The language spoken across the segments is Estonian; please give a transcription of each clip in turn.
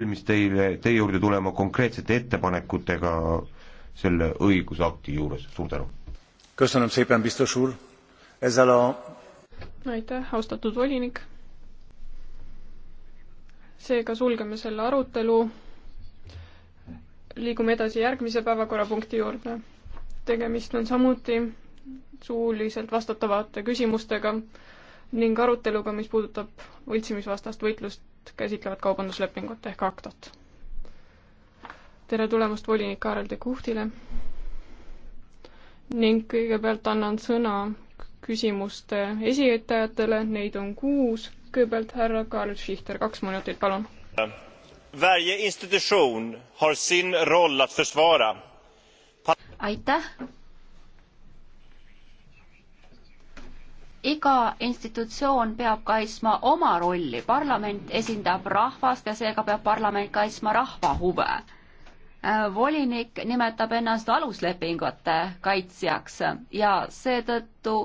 valmis teile, teie juurde tulema konkreetsete ettepanekutega selle õigusakti juures, suur tänu! aitäh, austatud volinik! seega sulgeme selle arutelu, liigume edasi järgmise päevakorrapunkti juurde. tegemist on samuti suuliselt vastatavate küsimustega ning aruteluga, mis puudutab võltsimisvastast võitlust käsitlevat kaubanduslepingut ehk aktot. tere tulemast volinik Kaarel de Kuhtile ning kõigepealt annan sõna küsimuste esitajatele, neid on kuus, kõigepealt härra Karl Schichter, kaks minutit, palun. Varje institutsioon har sin roll att försvara. aitäh iga institutsioon peab kaitsma oma rolli, parlament esindab rahvast ja seega peab parlament kaitsma rahva huve. Äh, volinik nimetab ennast aluslepingute kaitsjaks ja seetõttu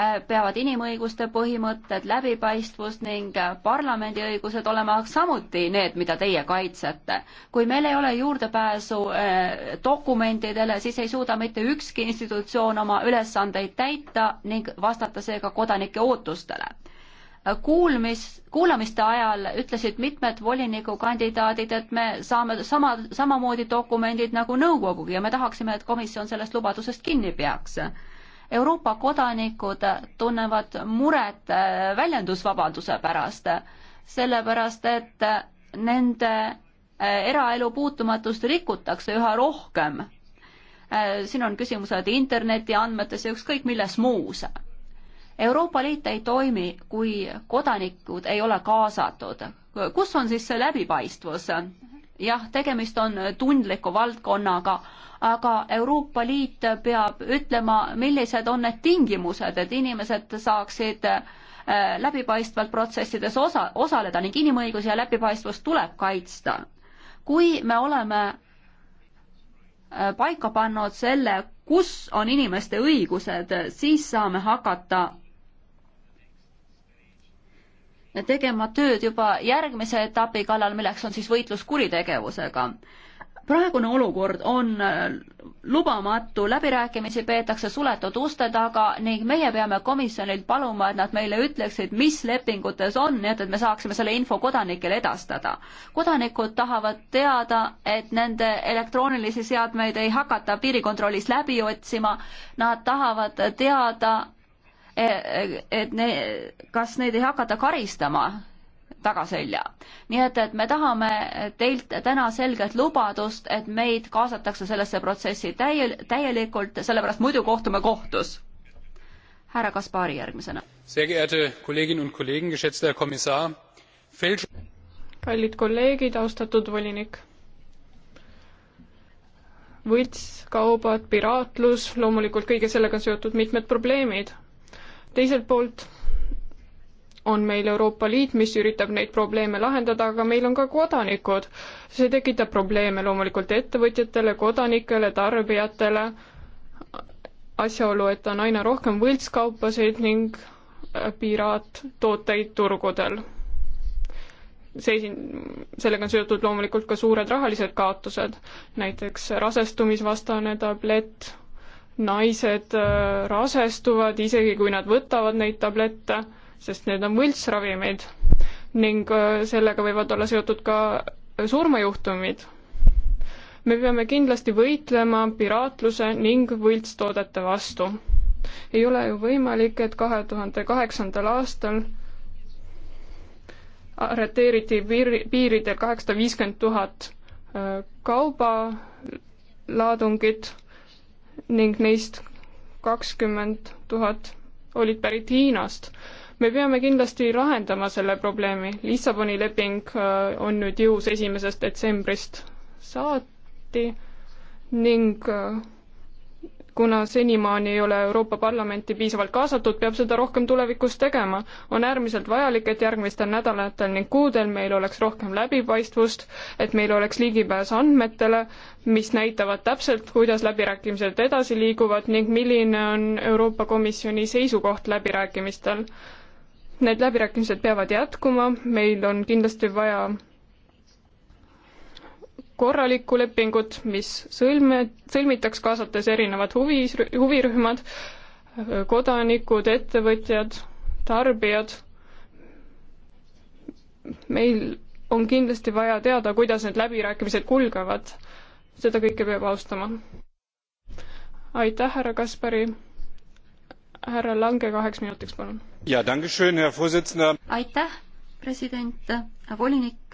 Äh, peavad inimõiguste põhimõtted, läbipaistvus ning äh, parlamendi õigused olema samuti need, mida teie kaitsete. kui meil ei ole juurdepääsu äh, dokumentidele, siis ei suuda mitte ükski institutsioon oma ülesandeid täita ning vastata seega kodanike ootustele kuulmis, kuulamiste ajal ütlesid mitmed volinikukandidaadid, et me saame sama, samamoodi dokumendid nagu nõukogugi ja me tahaksime, et komisjon sellest lubadusest kinni peaks Euroopa kodanikud tunnevad muret äh, väljendusvabaduse pärast, sellepärast et nende äh, eraelu puutumatust rikutakse üha rohkem. Äh, siin on küsimused interneti andmetes ja ükskõik milles muus. Euroopa Liit ei toimi, kui kodanikud ei ole kaasatud. kus on siis see läbipaistvus? jah, tegemist on tundliku valdkonnaga, aga Euroopa Liit peab ütlema, millised on need tingimused, et inimesed saaksid äh, läbipaistvalt protsessides osa, osaleda ning inimõigusi ja läbipaistvust tuleb kaitsta. kui me oleme äh, paika pannud selle, kus on inimeste õigused, siis saame hakata tegema tööd juba järgmise etapi kallal, milleks on siis võitlus kuritegevusega. praegune olukord on äh, lubamatu, läbirääkimisi peetakse suletud uste taga ning meie peame komisjonilt paluma, et nad meile ütleksid, mis lepingutes on, nii et, et me saaksime selle info kodanikele edastada. kodanikud tahavad teada, et nende elektroonilisi seadmeid ei hakata piirikontrollis läbi otsima, nad tahavad teada, et ne, kas neid ei hakata karistama tagaselja. nii et, et me tahame teilt täna selget lubadust, et meid kaasatakse sellesse protsessi täiel-, täielikult, sellepärast muidu kohtume kohtus. härra Kaspari järgmisena. kallid kolleegid, austatud volinik võltskaubad, piraatlus, loomulikult kõige sellega seotud mitmed probleemid teiselt poolt on meil Euroopa Liit, mis üritab neid probleeme lahendada, aga meil on ka kodanikud. see tekitab probleeme loomulikult ettevõtjatele, kodanikele, tarbijatele, asjaolu, et on aina rohkem võltskaupasid ning äh, piraattooteid turgudel. seisin, sellega on seotud loomulikult ka suured rahalised kaotused, näiteks rasestumisvastane tablett naised äh, rasestuvad, isegi kui nad võtavad neid tablette, sest need on võltsravimid ning äh, sellega võivad olla seotud ka äh, surmajuhtumid. me peame kindlasti võitlema piraatluse ning võltstoodete vastu. ei ole ju võimalik, et kahe tuhande kaheksandal aastal arreteeriti piiri, piiridel kaheksasada viiskümmend tuhat kaubalaadungit ning neist kakskümmend tuhat olid pärit Hiinast. me peame kindlasti lahendama selle probleemi, Lissaboni leping äh, on nüüd jõus esimesest detsembrist saati ning äh, kuna senimaani ei ole Euroopa Parlamenti piisavalt kaasatud, peab seda rohkem tulevikus tegema. on äärmiselt vajalik, et järgmistel nädalatel ning kuudel meil oleks rohkem läbipaistvust, et meil oleks ligipääs andmetele, mis näitavad täpselt, kuidas läbirääkimised edasi liiguvad ning milline on Euroopa Komisjoni seisukoht läbirääkimistel. Need läbirääkimised peavad jätkuma, meil on kindlasti vaja korralikku lepingut, mis sõlme, sõlmitaks kaasates erinevad huvi, huvirühmad, kodanikud, ettevõtjad, tarbijad. meil on kindlasti vaja teada, kuidas need läbirääkimised kulgevad. seda kõike peab austama. aitäh, härra Kaspari. härra Lange kaheks minutiks, palun. aitäh, president, volinik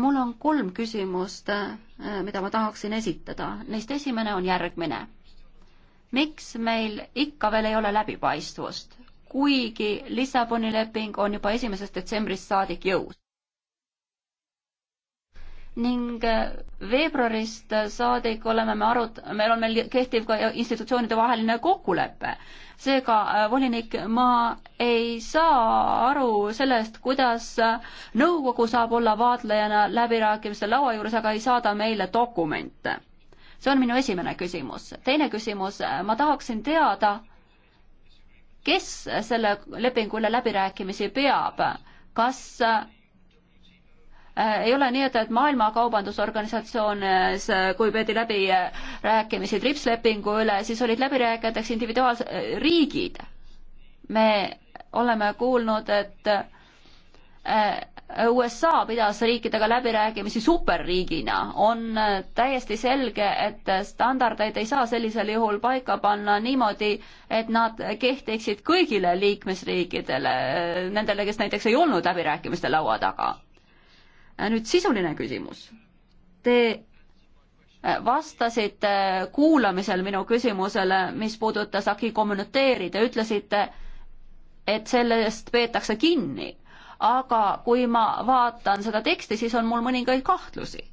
mul on kolm küsimust, äh, mida ma tahaksin esitada. Neist esimene on järgmine. miks meil ikka veel ei ole läbipaistvust, kuigi Lissaboni leping on juba esimesest detsembrist saadik jõus? ning äh, veebruarist äh, saadik oleme me arut-, meil on meil kehtiv ka institutsioonide vaheline kokkulepe. seega, äh, volinik, ma ei saa aru sellest, kuidas nõukogu saab olla vaatlejana läbirääkimiste laua juures, aga ei saada meile dokumente. see on minu esimene küsimus. teine küsimus, ma tahaksin teada, kes selle lepingu üle läbirääkimisi peab, kas Äh, ei ole nii, et, et Maailma Kaubandusorganisatsioon, äh, kui peeti läbirääkimisi äh, TRIPS lepingu üle, siis olid läbirääkijateks individuaalsed riigid. me oleme kuulnud, et USA pidas riikidega läbirääkimisi superriigina, on täiesti selge, et standardeid ei saa sellisel juhul paika panna niimoodi, et nad kehtiksid kõigile liikmesriikidele, nendele, kes näiteks ei olnud läbirääkimiste laua taga Äh, nüüd sisuline küsimus. Te äh, vastasite äh, kuulamisel minu küsimusele, mis puudutas Aki kommuniteeri, te ütlesite, et sellest peetakse kinni. aga kui ma vaatan seda teksti, siis on mul mõningaid kahtlusi.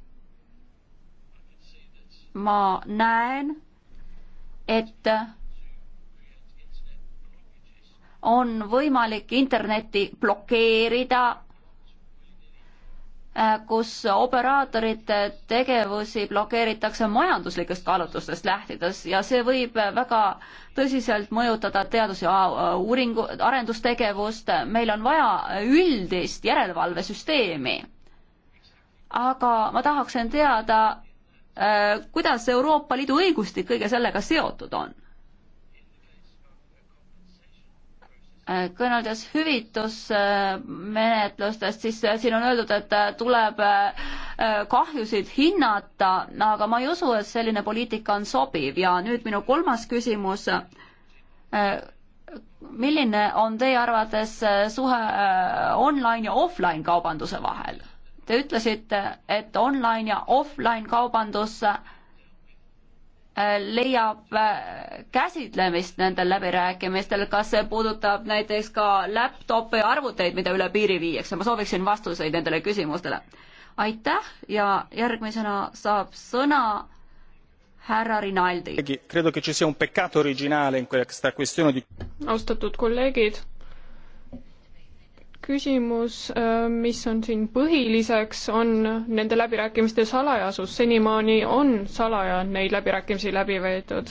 ma näen, et on võimalik internetti blokeerida Äh, kus operaatorite tegevusi blokeeritakse majanduslikest kaalutlustest lähtudes ja see võib väga tõsiselt mõjutada teadus- ja äh, uuringu, arendustegevust, meil on vaja üldist järelevalvesüsteemi. aga ma tahaksin teada, äh, kuidas Euroopa Liidu õigustik kõige sellega seotud on? kõneldes hüvitusmenetlustest, siis siin on öeldud, et tuleb äh, kahjusid hinnata, aga ma ei usu, et selline poliitika on sobiv ja nüüd minu kolmas küsimus. Äh, milline on teie arvates suhe äh, online ja offline kaubanduse vahel? Te ütlesite, et online ja offline kaubandus Äh, leiab äh, käsitlemist nendel läbirääkimistel, kas see puudutab näiteks ka laptop'e ja arvuteid, mida üle piiri viiakse, ma sooviksin vastuseid nendele küsimustele. aitäh ja järgmisena saab sõna härra Rinaldi. austatud kolleegid küsimus, äh, mis on siin põhiliseks, on nende läbirääkimiste salajasus. senimaani on salaja neid läbirääkimisi läbi veetud.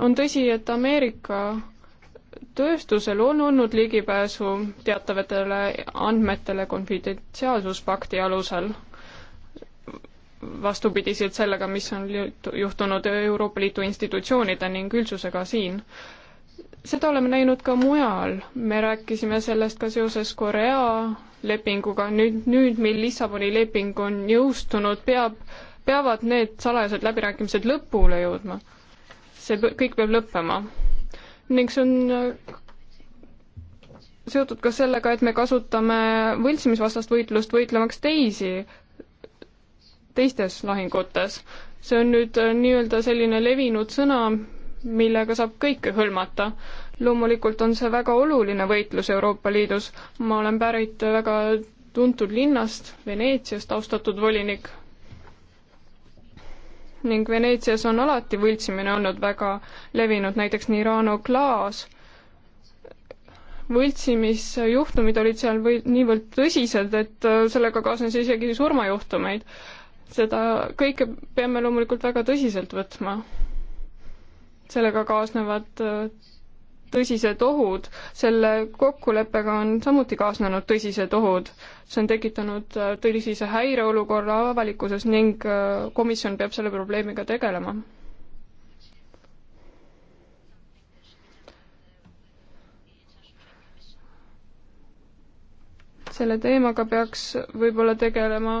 on tõsi, et Ameerika tööstusel on olnud ligipääsu teatavatele andmetele konfidentsiaalsuspakti alusel, vastupidiselt sellega, mis on juhtunud Euroopa Liidu institutsioonide ning üldsusega siin seda oleme näinud ka mujal, me rääkisime sellest ka seoses Korea lepinguga, nüüd, nüüd, mil Lissaboni leping on jõustunud, peab, peavad need salajased läbirääkimised lõpule jõudma. see kõik peab lõppema. ning see on äh, seotud ka sellega, et me kasutame võltsimisvastast võitlust võitlemaks teisi, teistes lahingutes. see on nüüd äh, nii-öelda selline levinud sõna, millega saab kõike hõlmata. loomulikult on see väga oluline võitlus Euroopa Liidus, ma olen pärit väga tuntud linnast, Veneetsiast, austatud volinik. ning Veneetsias on alati võltsimine olnud väga levinud, näiteks Nirano klaas, võltsimisjuhtumid olid seal või niivõrd tõsised, et äh, sellega kaasnes isegi surmajuhtumeid. seda kõike peame loomulikult väga tõsiselt võtma sellega kaasnevad äh, tõsised ohud. selle kokkuleppega on samuti kaasnenud tõsised ohud. see on tekitanud äh, tõsise häireolukorra avalikkuses ning äh, komisjon peab selle probleemiga tegelema. selle teemaga peaks võib-olla tegelema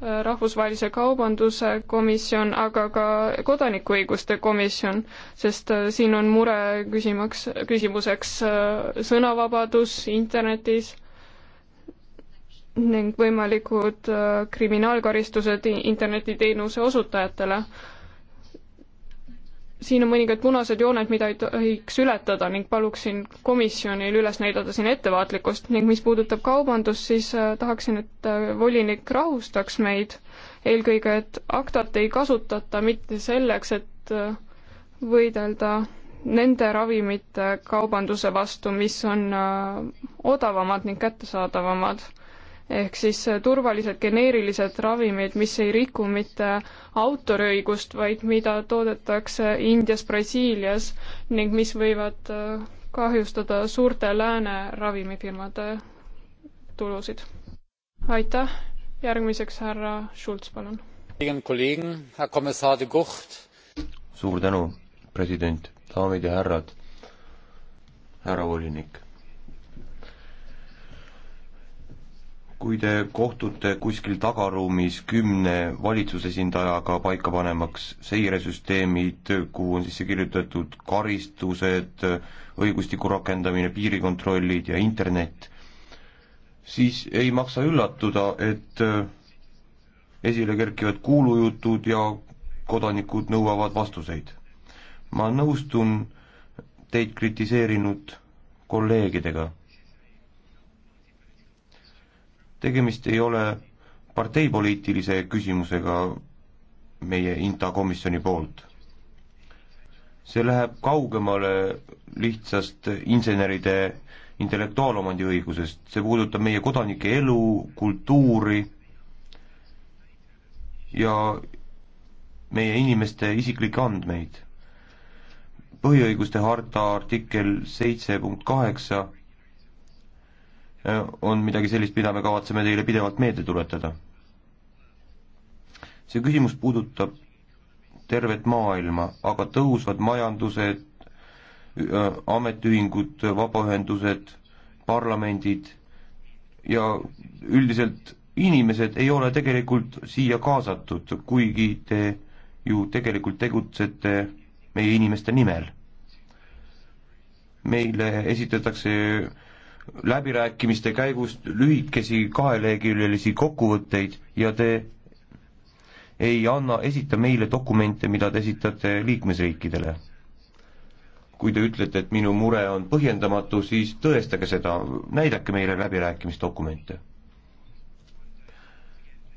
rahvusvahelise kaubanduse komisjon, aga ka kodanikuõiguste komisjon, sest äh, siin on mure küsimaks, küsimuseks äh, sõnavabadus internetis ning võimalikud äh, kriminaalkaristused internetiteenuse osutajatele siin on mõningad punased jooned, mida ei tohiks ületada ning paluksin komisjonil üles näidata siin ettevaatlikkust ning mis puudutab kaubandust, siis äh, tahaksin, et äh, volinik rahustaks meid eelkõige, et aktat ei kasutata mitte selleks, et äh, võidelda nende ravimite kaubanduse vastu, mis on odavamad ning kättesaadavamad ehk siis turvalised geneerilised ravimid, mis ei riku mitte autoriõigust, vaid mida toodetakse Indias, Brasiilias ning mis võivad äh, kahjustada suurte lääne ravimifirmade tulusid. aitäh, järgmiseks härra Schulz, palun. suur tänu, president, daamid ja härrad, härra volinik kui te kohtute kuskil tagaruumis kümne valitsusesindajaga paika panemaks seiresüsteemid, kuhu on sisse kirjutatud karistused, õigustiku rakendamine, piirikontrollid ja internet, siis ei maksa üllatuda, et äh, esile kerkivad kuulujutud ja kodanikud nõuavad vastuseid. ma nõustun teid kritiseerinud kolleegidega tegemist ei ole parteipoliitilise küsimusega meie INTA komisjoni poolt. see läheb kaugemale lihtsast inseneride intellektuaalomandi õigusest, see puudutab meie kodanike elu, kultuuri ja meie inimeste isiklikke andmeid. põhiõiguste harta artikkel seitse punkt kaheksa on midagi sellist, mida me kavatseme teile pidevalt meelde tuletada. see küsimus puudutab tervet maailma, aga tõusvad majandused, ametiühingud, vabaühendused, parlamendid ja üldiselt inimesed ei ole tegelikult siia kaasatud, kuigi te ju tegelikult tegutsete meie inimeste nimel. meile esitatakse läbirääkimiste käigust lühikesi kaheleheküljelisi kokkuvõtteid ja te ei anna, esita meile dokumente, mida te esitate liikmesriikidele. kui te ütlete, et minu mure on põhjendamatu, siis tõestage seda, näidake meile läbirääkimisdokumente.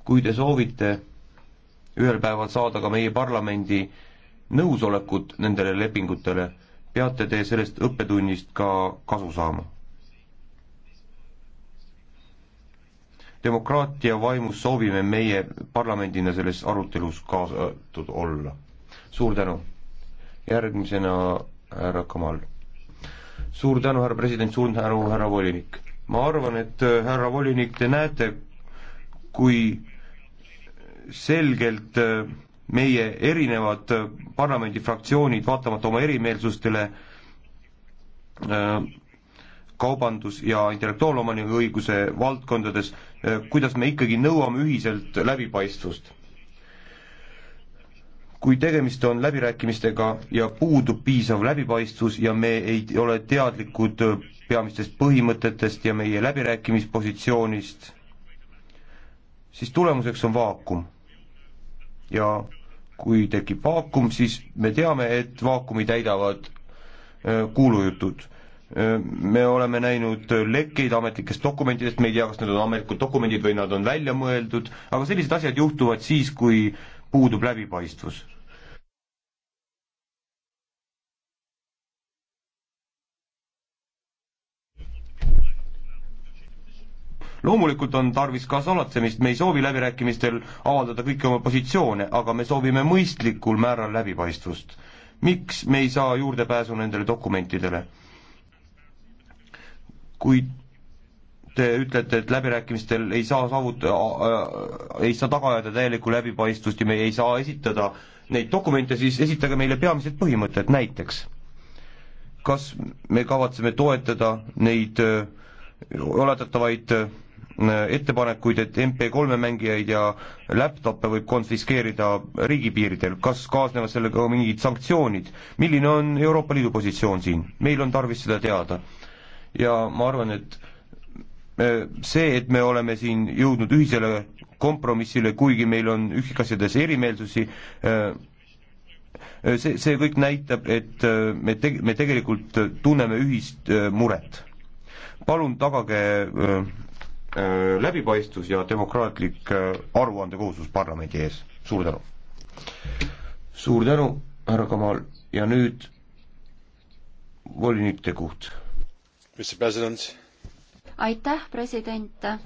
kui te soovite ühel päeval saada ka meie parlamendi nõusolekut nendele lepingutele, peate te sellest õppetunnist ka kasu saama demokraatia vaimus soovime meie parlamendina selles arutelus kaasatud olla. suur tänu. järgmisena härra Kamal. suur tänu, härra president, suur tänu, härra volinik. ma arvan, et härra volinik, te näete, kui selgelt meie erinevad parlamendifraktsioonid, vaatamata oma erimeelsustele, äh, kaubandus- ja intellektuaalomaniga õiguse valdkondades, eh, kuidas me ikkagi nõuame ühiselt läbipaistvust. kui tegemist on läbirääkimistega ja puudub piisav läbipaistvus ja me ei ole teadlikud eh, peamistest põhimõtetest ja meie läbirääkimispositsioonist, siis tulemuseks on vaakum. ja kui tekib vaakum, siis me teame, et vaakumi täidavad eh, kuulujutud me oleme näinud lekkeid ametlikest dokumentidest, me ei tea, kas need on ametlikud dokumendid või nad on välja mõeldud, aga sellised asjad juhtuvad siis, kui puudub läbipaistvus. loomulikult on tarvis ka salatsemist, me ei soovi läbirääkimistel avaldada kõiki oma positsioone, aga me soovime mõistlikul määral läbipaistvust. miks me ei saa juurdepääsu nendele dokumentidele? kui te ütlete, et läbirääkimistel ei saa saavuta- äh,, ei saa taga ajada täielikku läbipaistvust ja me ei saa esitada neid dokumente, siis esitage meile peamised põhimõtted, näiteks kas me kavatseme toetada neid öö, oletatavaid öö, ettepanekuid, et MP3-e mängijaid ja laptop'e võib konfiskeerida riigipiiridel, kas kaasnevad sellega mingid sanktsioonid, milline on Euroopa Liidu positsioon siin, meil on tarvis seda teada ja ma arvan, et äh, see, et me oleme siin jõudnud ühisele kompromissile, kuigi meil on üksikasjades erimeelsusi, äh, see, see kõik näitab, et äh, me teg-, me tegelikult tunneme ühist muret. palun tagage läbipaistvus ja demokraatlik aruandekohustus parlamendi ees, suur tänu. suur tänu, härra Kamal, ja nüüd volinik Tegut aitäh, president.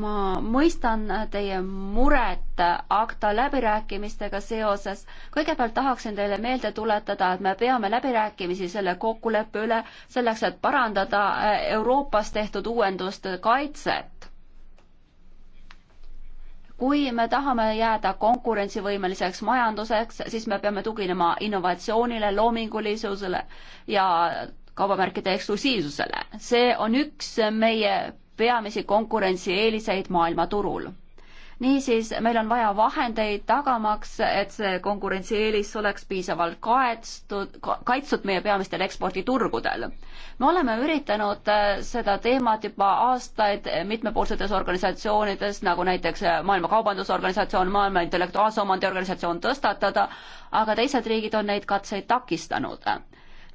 ma mõistan teie muret akta läbirääkimistega seoses. kõigepealt tahaksin teile meelde tuletada, et me peame läbirääkimisi selle kokkuleppe üle selleks, et parandada Euroopas tehtud uuenduste kaitset kui me tahame jääda konkurentsivõimeliseks majanduseks, siis me peame tuginema innovatsioonile, loomingulisusele ja kaubamärkide eksklusiivsusele. see on üks meie peamisi konkurentsieeliseid maailmaturul. niisiis, meil on vaja vahendeid tagamaks, et see konkurentsieelis oleks piisavalt kaetstud, kaitstud meie peamistel eksporditurgudel. me oleme üritanud äh, seda teemat juba aastaid mitmepoolsetes organisatsioonides, nagu näiteks Maailma Kaubandusorganisatsioon, Maailma Intellektuaalse Omandi Organisatsioon tõstatada, aga teised riigid on neid katseid takistanud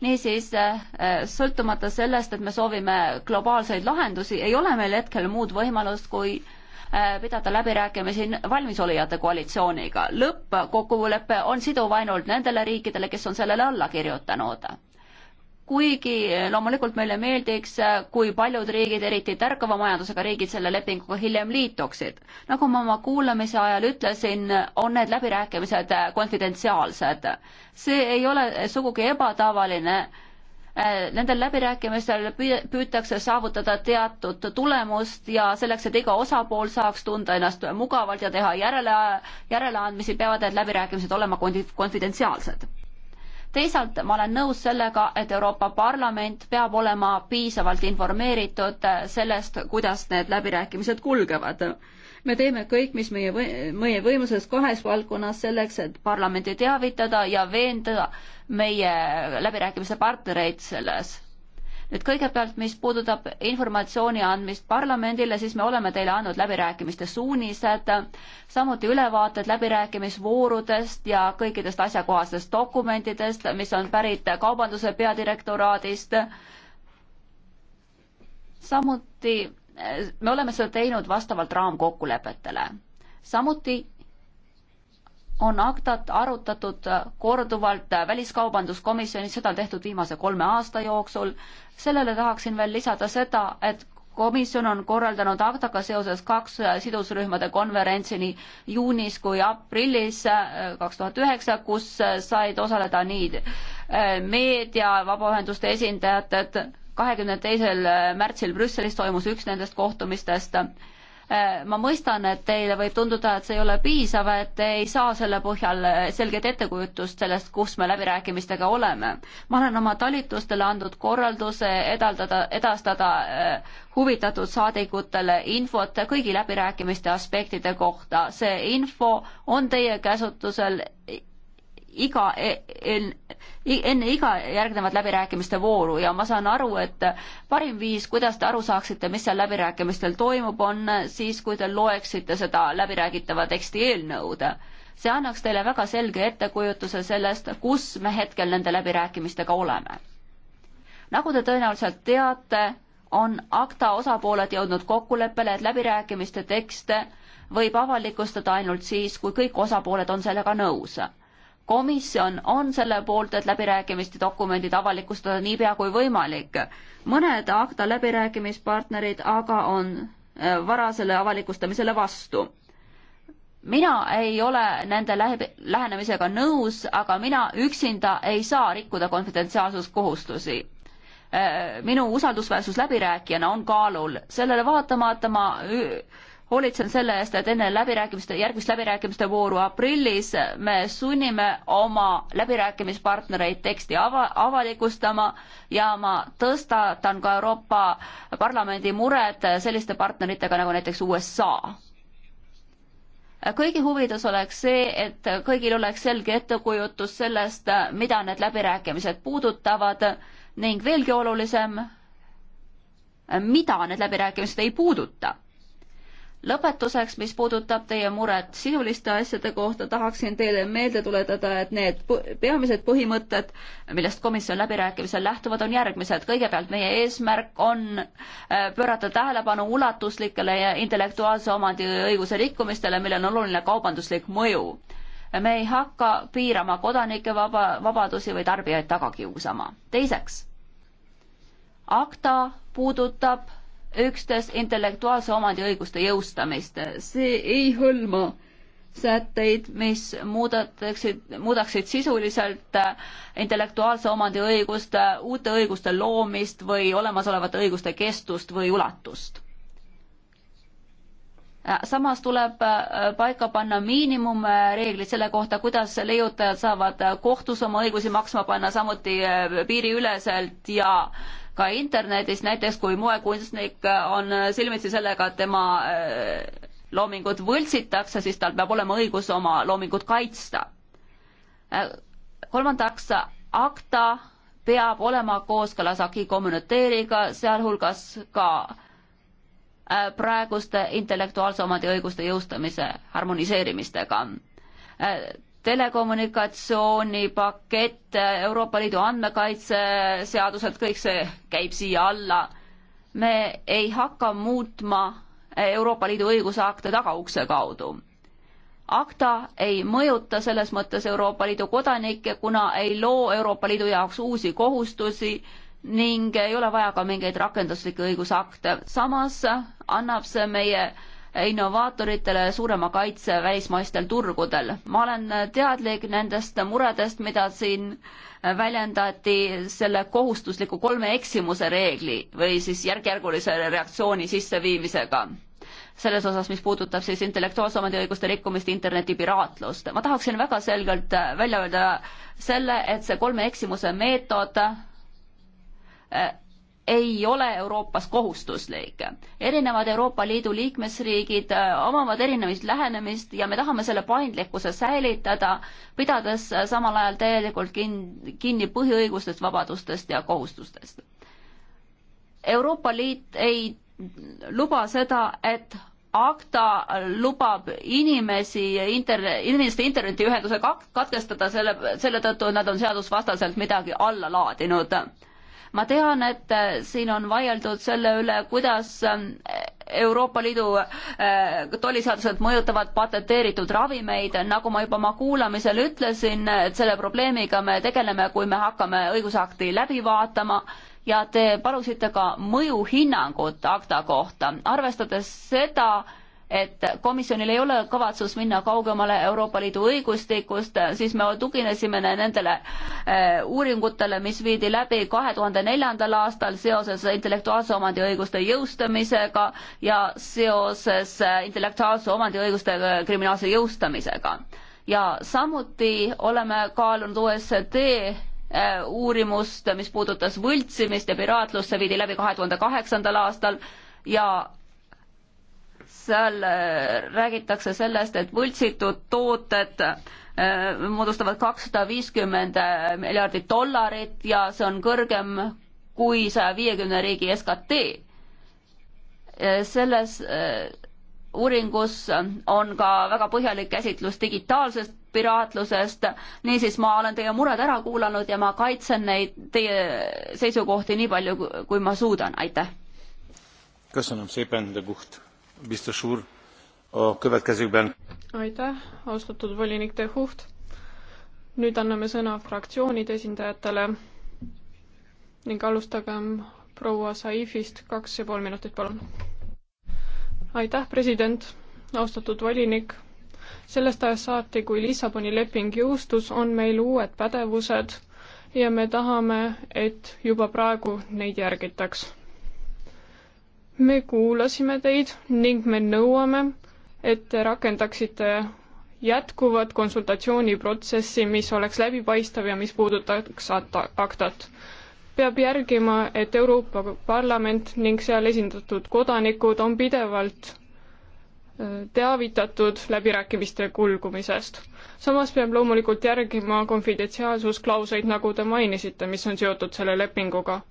niisiis, äh, sõltumata sellest, et me soovime globaalseid lahendusi, ei ole meil hetkel muud võimalust, kui äh, pidada läbirääkimisi valmisolijate koalitsiooniga. lõppkokkulepe on siduv ainult nendele riikidele, kes on sellele alla kirjutanud kuigi loomulikult meile meeldiks, kui paljud riigid, eriti tärkava majandusega riigid, selle lepinguga hiljem liituksid. nagu ma oma kuulamise ajal ütlesin, on need läbirääkimised konfidentsiaalsed. see ei ole sugugi ebatavaline. Nendel läbirääkimistel püütakse saavutada teatud tulemust ja selleks, et iga osapool saaks tunda ennast mugavalt ja teha järele, järeleandmisi, peavad need läbirääkimised olema konfidentsiaalsed teisalt ma olen nõus sellega, et Euroopa Parlament peab olema piisavalt informeeritud äh, sellest, kuidas need läbirääkimised kulgevad. me teeme kõik, mis meie või,, meie võimuses kahes valdkonnas selleks, et parlamenti teavitada ja veenda meie läbirääkimise partnereid selles nüüd kõigepealt, mis puudutab informatsiooni andmist parlamendile, siis me oleme teile andnud läbirääkimiste suunised, samuti ülevaated läbirääkimisvoorudest ja kõikidest asjakohastest dokumentidest, mis on pärit Kaubanduse peadirektoraadist. samuti eh, me oleme seda teinud vastavalt raamkokkulepetele. samuti on aktat arutatud äh, korduvalt äh, Väliskaubanduskomisjonis, seda on tehtud viimase kolme aasta jooksul. sellele tahaksin veel lisada seda, et komisjon on korraldanud aktaga seoses kaks äh, sidusrühmade konverentsi nii juunis kui aprillis kaks tuhat üheksa, kus said osaleda nii meedia, vabaühenduste esindajad, et kahekümne teisel märtsil Brüsselis toimus üks nendest kohtumistest Äh, ma mõistan, et teile võib tunduda, et see ei ole piisav, et te ei saa selle põhjal selget ettekujutust sellest, kus me läbirääkimistega oleme. ma olen oma talitustele andnud korralduse edaldada, edastada äh, huvitatud saadikutele infot kõigi läbirääkimiste aspektide kohta. see info on teie käsutusel iga en,, e, e, enne iga järgnevat läbirääkimiste vooru ja ma saan aru, et parim viis, kuidas te aru saaksite, mis seal läbirääkimistel toimub, on siis, kui te loeksite seda läbiräägitava teksti eelnõud. see annaks teile väga selge ettekujutuse sellest, kus me hetkel nende läbirääkimistega oleme. nagu te tõenäoliselt teate, on akta osapooled jõudnud kokkuleppele, et läbirääkimiste tekste võib avalikustada ainult siis, kui kõik osapooled on sellega nõus komisjon on selle poolt, et läbirääkimiste dokumendid avalikustada niipea kui võimalik. mõned akta läbirääkimispartnerid aga on äh, varasele avalikustamisele vastu. mina ei ole nende lähe-, lähenemisega nõus, aga mina üksinda ei saa rikkuda konfidentsiaalsuskohustusi. Äh, minu usaldusväärsus läbirääkijana on kaalul, sellele vaatamata ma hoolitsen selle eest, et enne läbirääkimiste, järgmist läbirääkimiste vooru aprillis me sunnime oma läbirääkimispartnereid teksti ava, avalikustama ja ma tõstatan ka Euroopa Parlamendi mured selliste partneritega nagu näiteks USA. kõigi huvides oleks see, et kõigil oleks selge ettekujutus sellest, mida need läbirääkimised puudutavad ning veelgi olulisem, mida need läbirääkimised ei puuduta lõpetuseks, mis puudutab teie muret sisuliste asjade kohta, tahaksin teile meelde tuletada, et need peamised põhimõtted, millest komisjon läbirääkimisel lähtuvad, on järgmised. kõigepealt meie eesmärk on äh, pöörata tähelepanu ulatuslikele ja intellektuaalse omandiõiguse rikkumistele, millel on oluline kaubanduslik mõju. me ei hakka piirama kodanike vaba, vabadusi või tarbijaid taga kiusama. teiseks, akta puudutab üksnes intellektuaalse omandiõiguste jõustamist. see ei hõlma sätteid, mis muudataksid, muudaksid sisuliselt intellektuaalse omandiõigust, uute õiguste loomist või olemasolevate õiguste kestust või ulatust. samas tuleb paika panna miinimumreeglid selle kohta, kuidas leiutajad saavad kohtus oma õigusi maksma panna, samuti piiriüleselt ja äh, ka internetis, näiteks kui moekunstnik äh, on äh, silmitsi sellega, et tema äh, loomingut võltsitakse, siis tal peab olema õigus oma loomingut kaitsta. kolmandaks, akta peab olema kooskõlas AKI kommuniteeriga, sealhulgas ka praeguste intellektuaalse omandiõiguste jõustamise harmoniseerimistega telekommunikatsioonipakett, Euroopa Liidu andmekaitseseadused, kõik see käib siia alla. me ei hakka muutma Euroopa Liidu õigusakte tagaukse kaudu. ACTA ei mõjuta selles mõttes Euroopa Liidu kodanikke, kuna ei loo Euroopa Liidu jaoks uusi kohustusi ning ei ole vaja ka mingeid rakenduslikke õigusakte. samas annab see meie äh, innovaatoritele suurema kaitse välismaistel turgudel. ma olen teadlik nendest muredest, mida siin väljendati selle kohustusliku kolme eksimuse reegli või siis järk-järgulise reaktsiooni sisseviimisega selles osas, mis puudutab siis intellektuaalse omandiõiguste rikkumist, internetipiraatlust. ma tahaksin väga selgelt välja öelda selle, et see kolme eksimuse meetod ei ole Euroopas kohustuslik. erinevad Euroopa Liidu liikmesriigid äh, omavad erinevat lähenemist ja me tahame selle paindlikkuse säilitada, pidades äh, samal ajal täielikult kin-, kinni põhiõigustest, vabadustest ja kohustustest. Euroopa Liit ei luba seda, et akta lubab inimesi inter-, inimeste internetiühenduse katkestada selle, selle tõttu, et nad on seadusvastaselt midagi alla laadinud ma tean, et äh, siin on vaieldud selle üle, kuidas ähm, Euroopa Liidu äh, tolliseadused mõjutavad patenteeritud ravimeid, nagu ma juba oma kuulamisel ütlesin, et selle probleemiga me tegeleme, kui me hakkame õigusakti läbi vaatama ja te palusite ka mõjuhinnangut akta kohta, arvestades seda, et komisjonil ei ole kavatsus minna kaugemale Euroopa Liidu õigustikust, siis me tuginesime nendele eh, uuringutele, mis viidi läbi kahe tuhande neljandal aastal seoses intellektuaalse omandiõiguste jõustamisega ja seoses eh, intellektuaalse omandiõiguste eh, kriminaalse jõustamisega. ja samuti oleme kaalunud OSCD uurimust, mis puudutas võltsimist ja piraatlusse, viidi läbi kahe tuhande kaheksandal aastal ja seal äh, räägitakse sellest, et võltsitud tooted äh, moodustavad kakssada viiskümmend äh, miljardit dollarit ja see on kõrgem kui saja viiekümne riigi SKT. selles uuringus on ka väga põhjalik käsitlus digitaalsest piraatlusest, niisiis ma olen teie mured ära kuulanud ja ma kaitsen neid, teie seisukohti nii palju, kui ma suudan, aitäh! köszönöm szépen, de Gucht biztos úr, a következőkben. aitäh, austatud volinik De Hucht. nüüd anname sõna fraktsioonide esindajatele ning alustagem proua Saifist, kaks ja pool minutit, palun. aitäh, president, austatud volinik sellest ajast saati, kui Lissaboni leping jõustus, on meil uued pädevused ja me tahame, et juba praegu neid järgitaks me kuulasime teid ning me nõuame, et te rakendaksite jätkuvat konsultatsiooniprotsessi, mis oleks läbipaistev ja mis puudutaks aktat. peab järgima, et Euroopa Parlament ning seal esindatud kodanikud on pidevalt äh, teavitatud läbirääkimiste kulgumisest. samas peab loomulikult järgima konfidentsiaalsusklauseid, nagu te mainisite, mis on seotud selle lepinguga.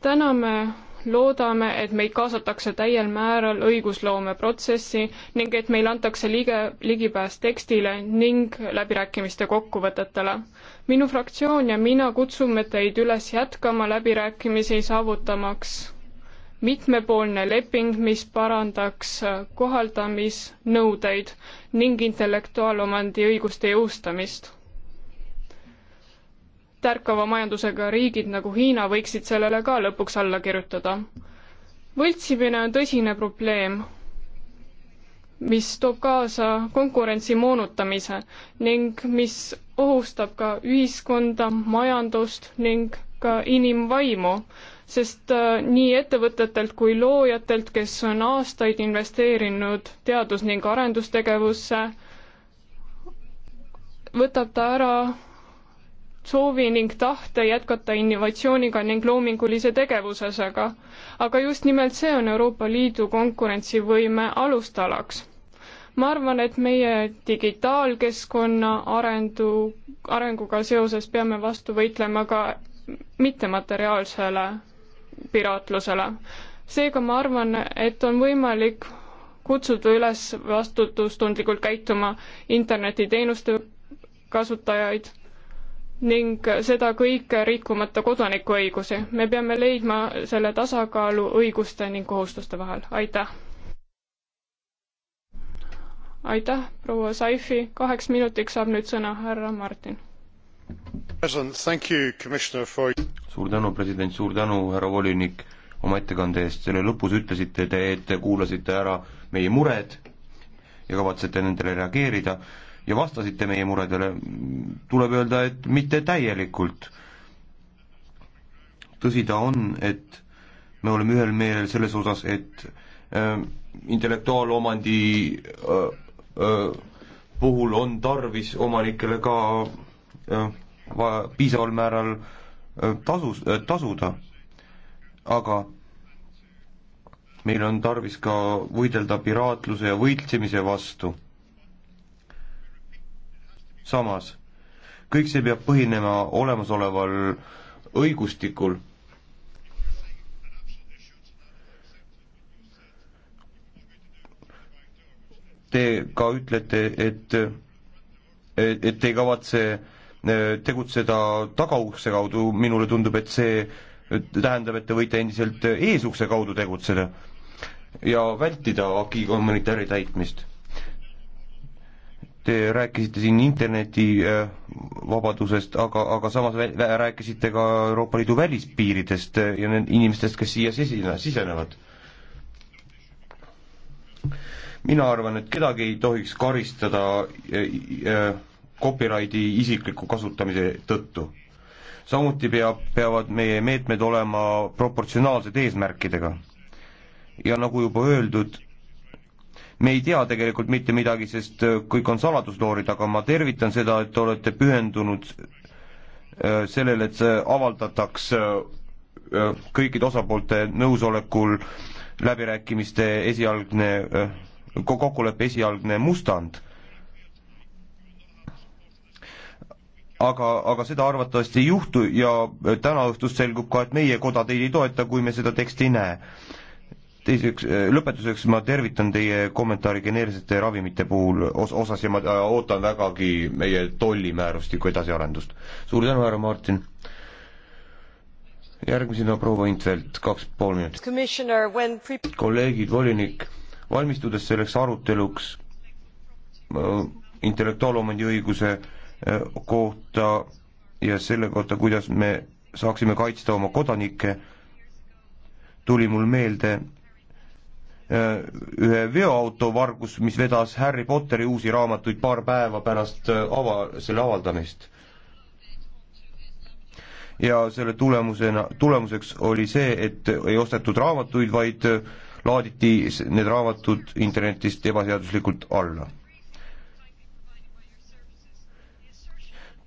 täna me loodame, et meid kaasatakse täiel määral õigusloomeprotsessi ning et meile antakse lige, ligipääs tekstile ning läbirääkimiste kokkuvõtetele. minu fraktsioon ja mina kutsume teid üles jätkama läbirääkimisi, saavutamaks mitmepoolne leping, mis parandaks kohaldamisnõudeid ning intellektuaalomandi õiguste jõustamist tärkava majandusega riigid nagu Hiina võiksid sellele ka lõpuks alla kirjutada. võltsimine on tõsine probleem, mis toob kaasa konkurentsi moonutamise ning mis ohustab ka ühiskonda, majandust ning ka inimvaimu, sest äh, nii ettevõtetelt kui loojatelt, kes on aastaid investeerinud teadus- ning arendustegevusse, võtab ta ära soovi ning tahte jätkata innovatsiooniga ning loomingulise tegevusesega. aga just nimelt see on Euroopa Liidu konkurentsivõime alustalaks. ma arvan, et meie digitaalkeskkonna arendu, arenguga seoses peame vastu võitlema ka mittemateriaalsele piraatlusele. seega ma arvan, et on võimalik kutsuda üles vastutustundlikult käituma internetiteenuste kasutajaid ning seda kõike rikkumata kodanikuõigusi. me peame leidma selle tasakaalu õiguste ning kohustuste vahel, aitäh! aitäh, proua Saifi, kaheks minutiks saab nüüd sõna härra Martin. suur tänu, president, suur tänu, härra volinik, oma ettekande eest, selle lõpus ütlesite te, et te kuulasite ära meie mured ja kavatsete nendele reageerida ja vastasite meie muredele, tuleb öelda, et mitte täielikult. tõsi ta on, et me oleme ühel meelel selles osas, et äh, intellektuaalomandi äh, äh, puhul on tarvis omanikele ka äh, va-, piisaval määral äh, tasus äh,, tasuda, aga meil on tarvis ka võidelda piraatluse ja võltsimise vastu samas kõik see peab põhinema olemasoleval õigustikul. Te ka ütlete, et, et, et te ei kavatse eh, tegutseda tagaukse kaudu, minule tundub, et see tähendab, et te võite endiselt eesukse kaudu tegutseda ja vältida agi kommunitaari täitmist Te rääkisite siin internetivabadusest, äh, aga, aga samas rääkisite ka Euroopa Liidu välispiiridest äh, ja nend-, inimestest, kes siia sisine-, sisenevad. mina arvan, et kedagi ei tohiks karistada äh, copyrighti isikliku kasutamise tõttu. samuti peab, peavad meie meetmed olema proportsionaalsed eesmärkidega. ja nagu juba öeldud, me ei tea tegelikult mitte midagi, sest äh, kõik on saladusloorid, aga ma tervitan seda, et te olete pühendunud äh, sellele, et see avaldataks äh, kõikide osapoolte nõusolekul läbirääkimiste esialgne, kokkuleppe esialgne mustand. aga, aga seda arvatavasti ei juhtu ja täna õhtust selgub ka, et meie koda teid ei toeta, kui me seda teksti ei näe teiseks, äh, lõpetuseks ma tervitan teie kommentaari geneeriliste ravimite puhul os-, osas ja ma äh, ootan vägagi meie tollimäärustiku edasiarendust. suur tänu, härra Martin! järgmisena proua Intvelt, kaks pool minutit. kolleegid, volinik, valmistudes selleks aruteluks äh, intellektuaalomandi õiguse äh, kohta ja selle kohta, kuidas me saaksime kaitsta oma kodanikke, tuli mul meelde Äh, ühe veoauto vargus, mis vedas Harry Potteri uusi raamatuid paar päeva pärast äh, ava, selle avaldamist. ja selle tulemusena, tulemuseks oli see, et ei ostetud raamatuid, vaid äh, laaditi need raamatud internetist ebaseaduslikult alla.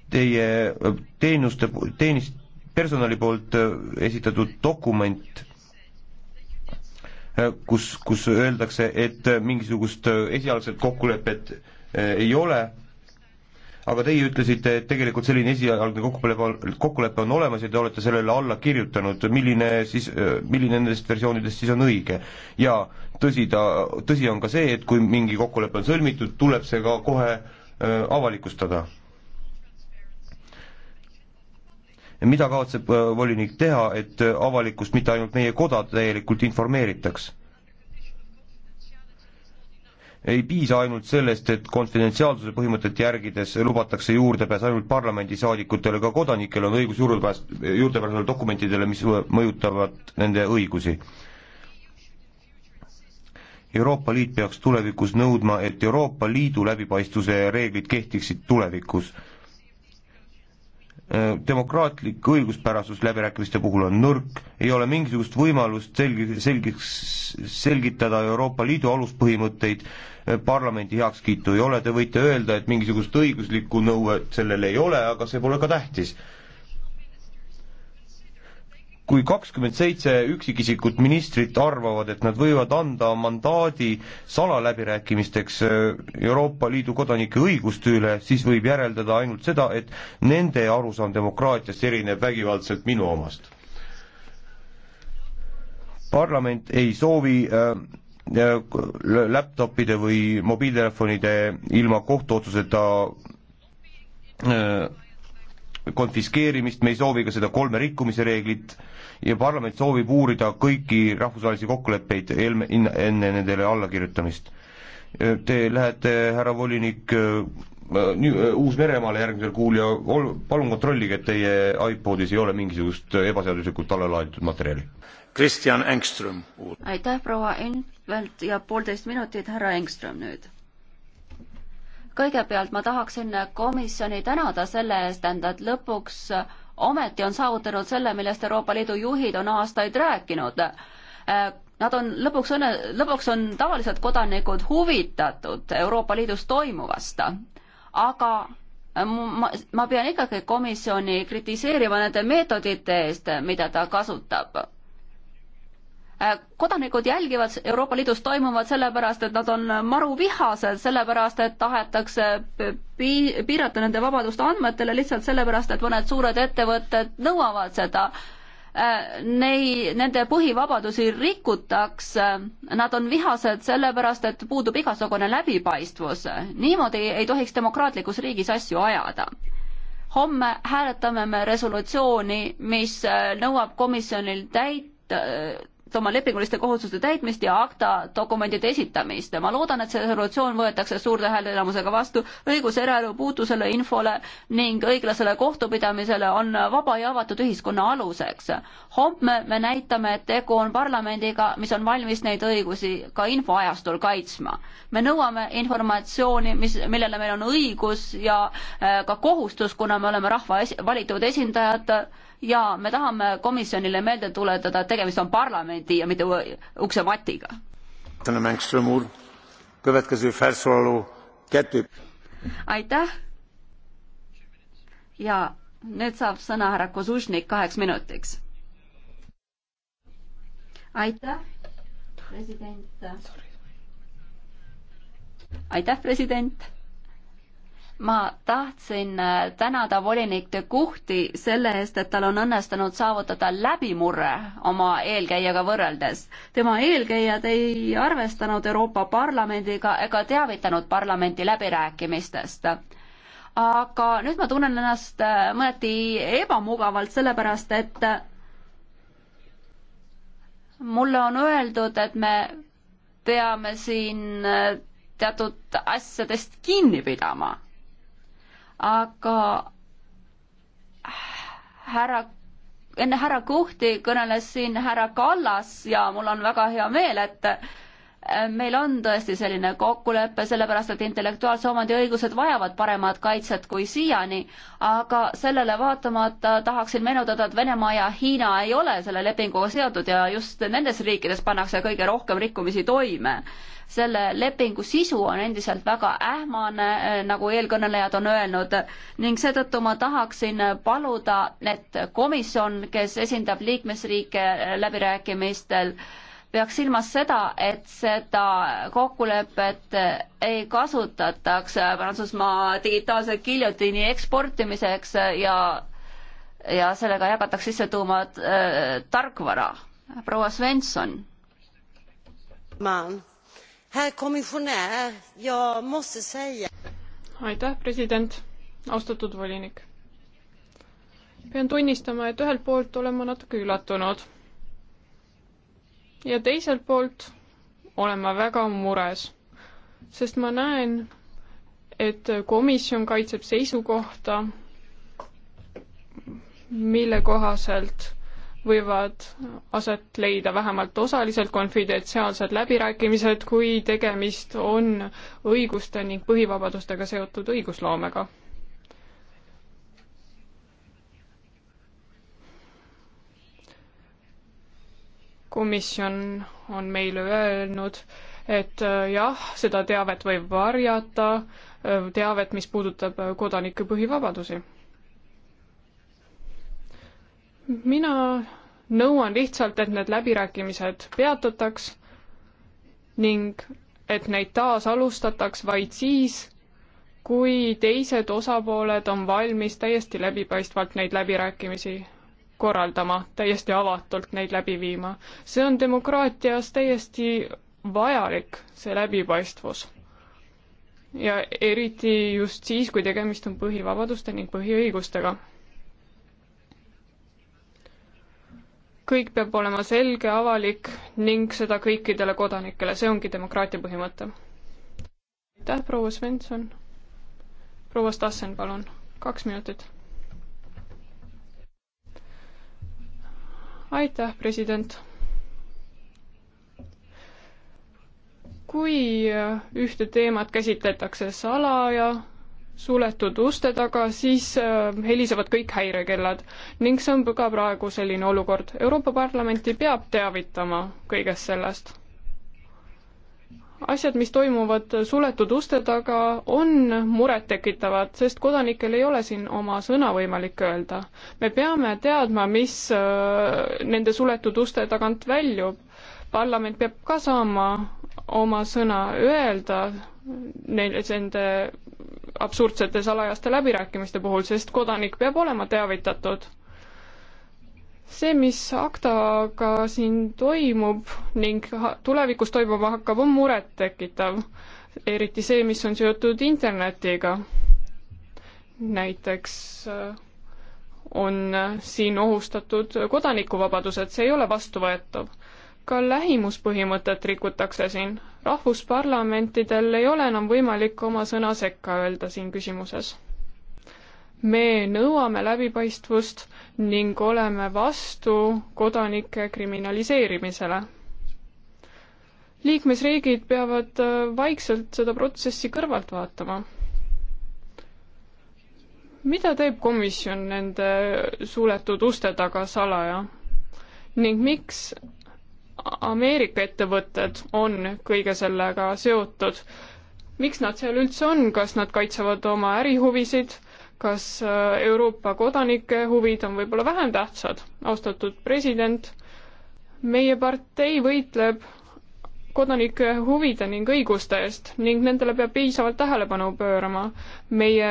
Teie teenuste, teenist-, personali poolt esitatud dokument kus, kus öeldakse, et mingisugust esialgset kokkulepet eh, ei ole, aga teie ütlesite, et tegelikult selline esialgne kokkulepe, kokkulepe on olemas ja te olete sellele alla kirjutanud, milline siis, eh, milline nendest versioonidest siis on õige? ja tõsi ta, tõsi on ka see, et kui mingi kokkulepe on sõlmitud, tuleb see ka kohe eh, avalikustada mida kavatseb äh, volinik teha, et äh, avalikkust mitte ainult meie koda täielikult informeeritaks? ei piisa ainult sellest, et konfidentsiaalsuse põhimõtet järgides lubatakse juurdepääs ainult parlamendisaadikutele, ka kodanikel on õigus juurdepääs, juurdepääsule dokumentidele, mis mõjutavad nende õigusi. Euroopa Liit peaks tulevikus nõudma, et Euroopa Liidu läbipaistvuse reeglid kehtiksid tulevikus Äh, demokraatlik õiguspärasus läbirääkimiste puhul on nõrk, ei ole mingisugust võimalust selgi-, selgiks, selgitada Euroopa Liidu aluspõhimõtteid, äh, parlamendi heakskiitu ei ole, te võite öelda, et mingisugust õiguslikku nõuet sellel ei ole, aga see pole ka tähtis kui kakskümmend seitse üksikisikut ministrit arvavad, et nad võivad anda mandaadi salaläbirääkimisteks äh, Euroopa Liidu kodanike õiguste üle, siis võib järeldada ainult seda, et nende arusaam demokraatiast erineb vägivaldselt minu omast. parlament ei soovi äh, äh laptopide või mobiiltelefonide ilma kohtuotsuseta äh, konfiskeerimist, me ei soovi ka seda kolme rikkumise reeglit äh,, ja parlament soovib uurida kõiki rahvusvahelisi kokkuleppeid eelme-, enne nendele allakirjutamist. Te lähete, härra volinik, Uus-Meremaale järgmisel kuul ja ol-, palun kontrollige, et teie iPodis ei ole mingisugust ebaseaduslikult alla laaditud materjali. Kristjan Engström. aitäh, proua Envelt ja poolteist minutit, härra Engström nüüd kõigepealt ma tahaksin komisjoni tänada selle eest, et nad lõpuks ometi on saavutanud selle, millest Euroopa Liidu juhid on aastaid rääkinud. Äh, nad on lõpuks õnne, lõpuks on tavalised kodanikud huvitatud Euroopa Liidus toimuvast, aga äh, ma, ma pean ikkagi komisjoni kritiseerima nende meetodite eest, mida ta kasutab Äh, kodanikud jälgivad Euroopa Liidus toimuvat sellepärast, et nad on maruvihased, sellepärast et tahetakse pi-, piirata nende vabadust andmetele lihtsalt sellepärast, et mõned suured ettevõtted nõuavad seda. Äh, nei-, nende põhivabadusi rikutakse, nad on vihased sellepärast, et puudub igasugune läbipaistvus. niimoodi ei tohiks demokraatlikus riigis asju ajada homme hääletame me resolutsiooni, mis äh, nõuab komisjonil täita oma lepinguliste kohustuste täitmist ja akta dokumentide esitamist. ma loodan, et see resolutsioon võetakse suurde hääleenamusega vastu. õigus eraelu puutusele, infole ning õiglasele kohtupidamisele on vaba ja avatud ühiskonna aluseks. homme me näitame, et tegu on parlamendiga, mis on valmis neid õigusi ka infoajastul kaitsma. me nõuame informatsiooni, mis, millele meil on õigus ja äh, ka kohustus, kuna me oleme rahva es valitud esindajad ja me tahame komisjonile meelde tuletada, et tegemist on parlamendi ja mitte uksevatiga. aitäh. ja nüüd saab sõna härra Kozušnik kaheks minutiks. aitäh, president. aitäh, president ma tahtsin äh, tänada volinik de Guhti selle eest, et tal on õnnestunud saavutada läbimurre oma eelkäijaga võrreldes. tema eelkäijad ei arvestanud Euroopa Parlamendiga ega teavitanud parlamenti läbirääkimistest aga nüüd ma tunnen ennast äh, mõneti ebamugavalt, sellepärast et äh, mulle on öeldud, et me peame siin teatud asjadest kinni pidama aga härra, enne härra Kuhti kõneles siin härra Kallas ja mul on väga hea meel, et meil on tõesti selline kokkulepe, sellepärast et intellektuaalse omandi õigused vajavad paremat kaitset kui siiani, aga sellele vaatamata tahaksin meenutada, et Venemaa ja Hiina ei ole selle lepinguga seotud ja just nendes riikides pannakse kõige rohkem rikkumisi toime. selle lepingu sisu on endiselt väga ähmane, nagu eelkõnelejad on öelnud, ning seetõttu ma tahaksin paluda, et komisjon, kes esindab liikmesriike läbirääkimistel, peaks silmas seda, et seda kokkulepet ei kasutataks Prantsusmaa digitaalse giljotiini eksportimiseks ja, ja sellega jagatakse sisse tuuma äh, tarkvara. proua Svensson. aitäh, president, austatud volinik. pean tunnistama, et ühelt poolt olen ma natuke üllatunud ja teiselt poolt olen ma väga mures, sest ma näen, et komisjon kaitseb seisukohta, mille kohaselt võivad aset leida vähemalt osaliselt konfidentsiaalsed läbirääkimised, kui tegemist on õiguste ning põhivabadustega seotud õigusloomega. komisjon on meile öelnud, et äh, jah, seda teavet võib varjata, äh, teavet, mis puudutab äh, kodanike põhivabadusi. mina nõuan lihtsalt, et need läbirääkimised peatataks ning et neid taas alustataks vaid siis, kui teised osapooled on valmis täiesti läbipaistvalt neid läbirääkimisi korraldama, täiesti avatult neid läbi viima. see on demokraatias täiesti vajalik, see läbipaistvus. ja eriti just siis, kui tegemist on põhivabaduste ning põhiõigustega. kõik peab olema selge, avalik ning seda kõikidele kodanikele, see ongi demokraatia põhimõte. aitäh, proua Svensson. proua Stassen, palun, kaks minutit aitäh, president. kui ühte teemat käsitletakse salaja, suletud uste taga, siis äh, helisevad kõik häirekellad ning see on ka praegu selline olukord. Euroopa Parlamenti peab teavitama kõigest sellest asjad, mis toimuvad suletud uste taga, on murettekitavad, sest kodanikel ei ole siin oma sõna võimalik öelda. me peame teadma, mis äh, nende suletud uste tagant väljub. parlament peab ka saama oma sõna öelda neile nende absurdsete salajaste läbirääkimiste puhul, sest kodanik peab olema teavitatud see, mis aktaga siin toimub ning tulevikus toimuma hakkab, on murettekitav. eriti see, mis on seotud internetiga. näiteks äh, on äh, siin ohustatud kodanikuvabadused, see ei ole vastuvõetav. ka lähimuspõhimõtet rikutakse siin. rahvusparlamentidel ei ole enam võimalik oma sõna sekka öelda siin küsimuses. me nõuame läbipaistvust ning oleme vastu kodanike kriminaliseerimisele. liikmesriigid peavad äh, vaikselt seda protsessi kõrvalt vaatama. mida teeb komisjon nende suletud uste taga salaja ning miks Ameerika ettevõtted on kõige sellega seotud? miks nad seal üldse on, kas nad kaitsevad oma ärihuvisid kas äh, Euroopa kodanike huvid on võib-olla vähem tähtsad, austatud president, meie partei võitleb kodanike huvide ning õiguste eest ning nendele peab piisavalt tähelepanu pöörama. meie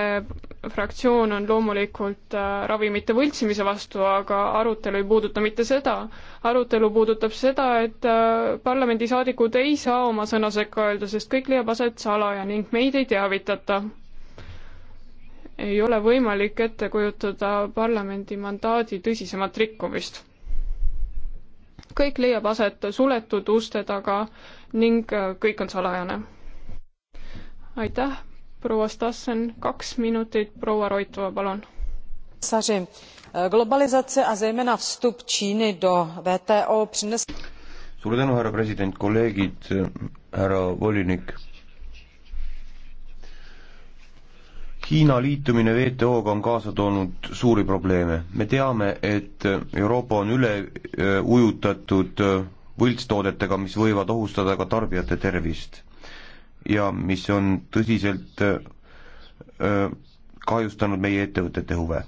fraktsioon on loomulikult äh, ravimite võltsimise vastu, aga arutelu ei puuduta mitte seda. arutelu puudutab seda, et äh, parlamendisaadikud ei saa oma sõna sekka öelda, sest kõik leiab aset salaja ning meid ei teavitata ei ole võimalik ette kujutada parlamendi mandaadi tõsisemat rikkumist. kõik leiab aset suletud uste taga ning äh, kõik on salajane. aitäh, proua Stassen, kaks minutit, proua Roitova, palun. Äh, globalisatsioon ja zejména vstup Tšiini do WTO přines- suur tänu, härra president, kolleegid, äh, härra volinik Hiina liitumine WTO-ga on kaasa toonud suuri probleeme. me teame, et Euroopa on üle äh, ujutatud äh, võltstoodetega, mis võivad ohustada ka tarbijate tervist ja mis on tõsiselt äh, kahjustanud meie ettevõtete huve.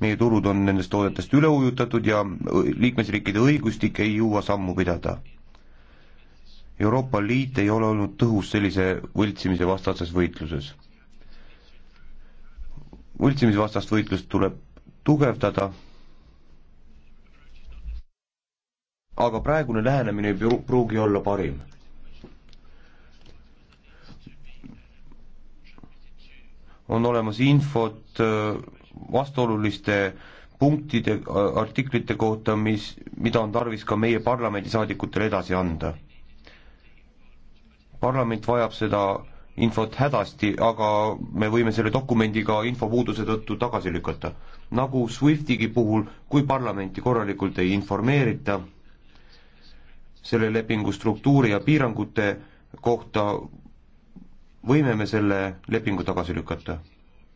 meie turud on nendest toodetest üle ujutatud ja liikmesriikide õigustik ei jõua sammu pidada Euroopa Liit ei ole olnud tõhus sellise võltsimise vastases võitluses. võltsimisvastast võitlust tuleb tugevdada, aga praegune lähenemine ei pruugi olla parim. on olemas infot äh, vastuoluliste punktide, artiklite kohta, mis, mida on tarvis ka meie parlamendisaadikutele edasi anda parlament vajab seda infot hädasti, aga me võime selle dokumendiga infopuuduse tõttu tagasi lükata. nagu SWIFTigi puhul, kui parlamenti korralikult ei informeerita selle lepingu struktuuri ja piirangute kohta, võime me selle lepingu tagasi lükata.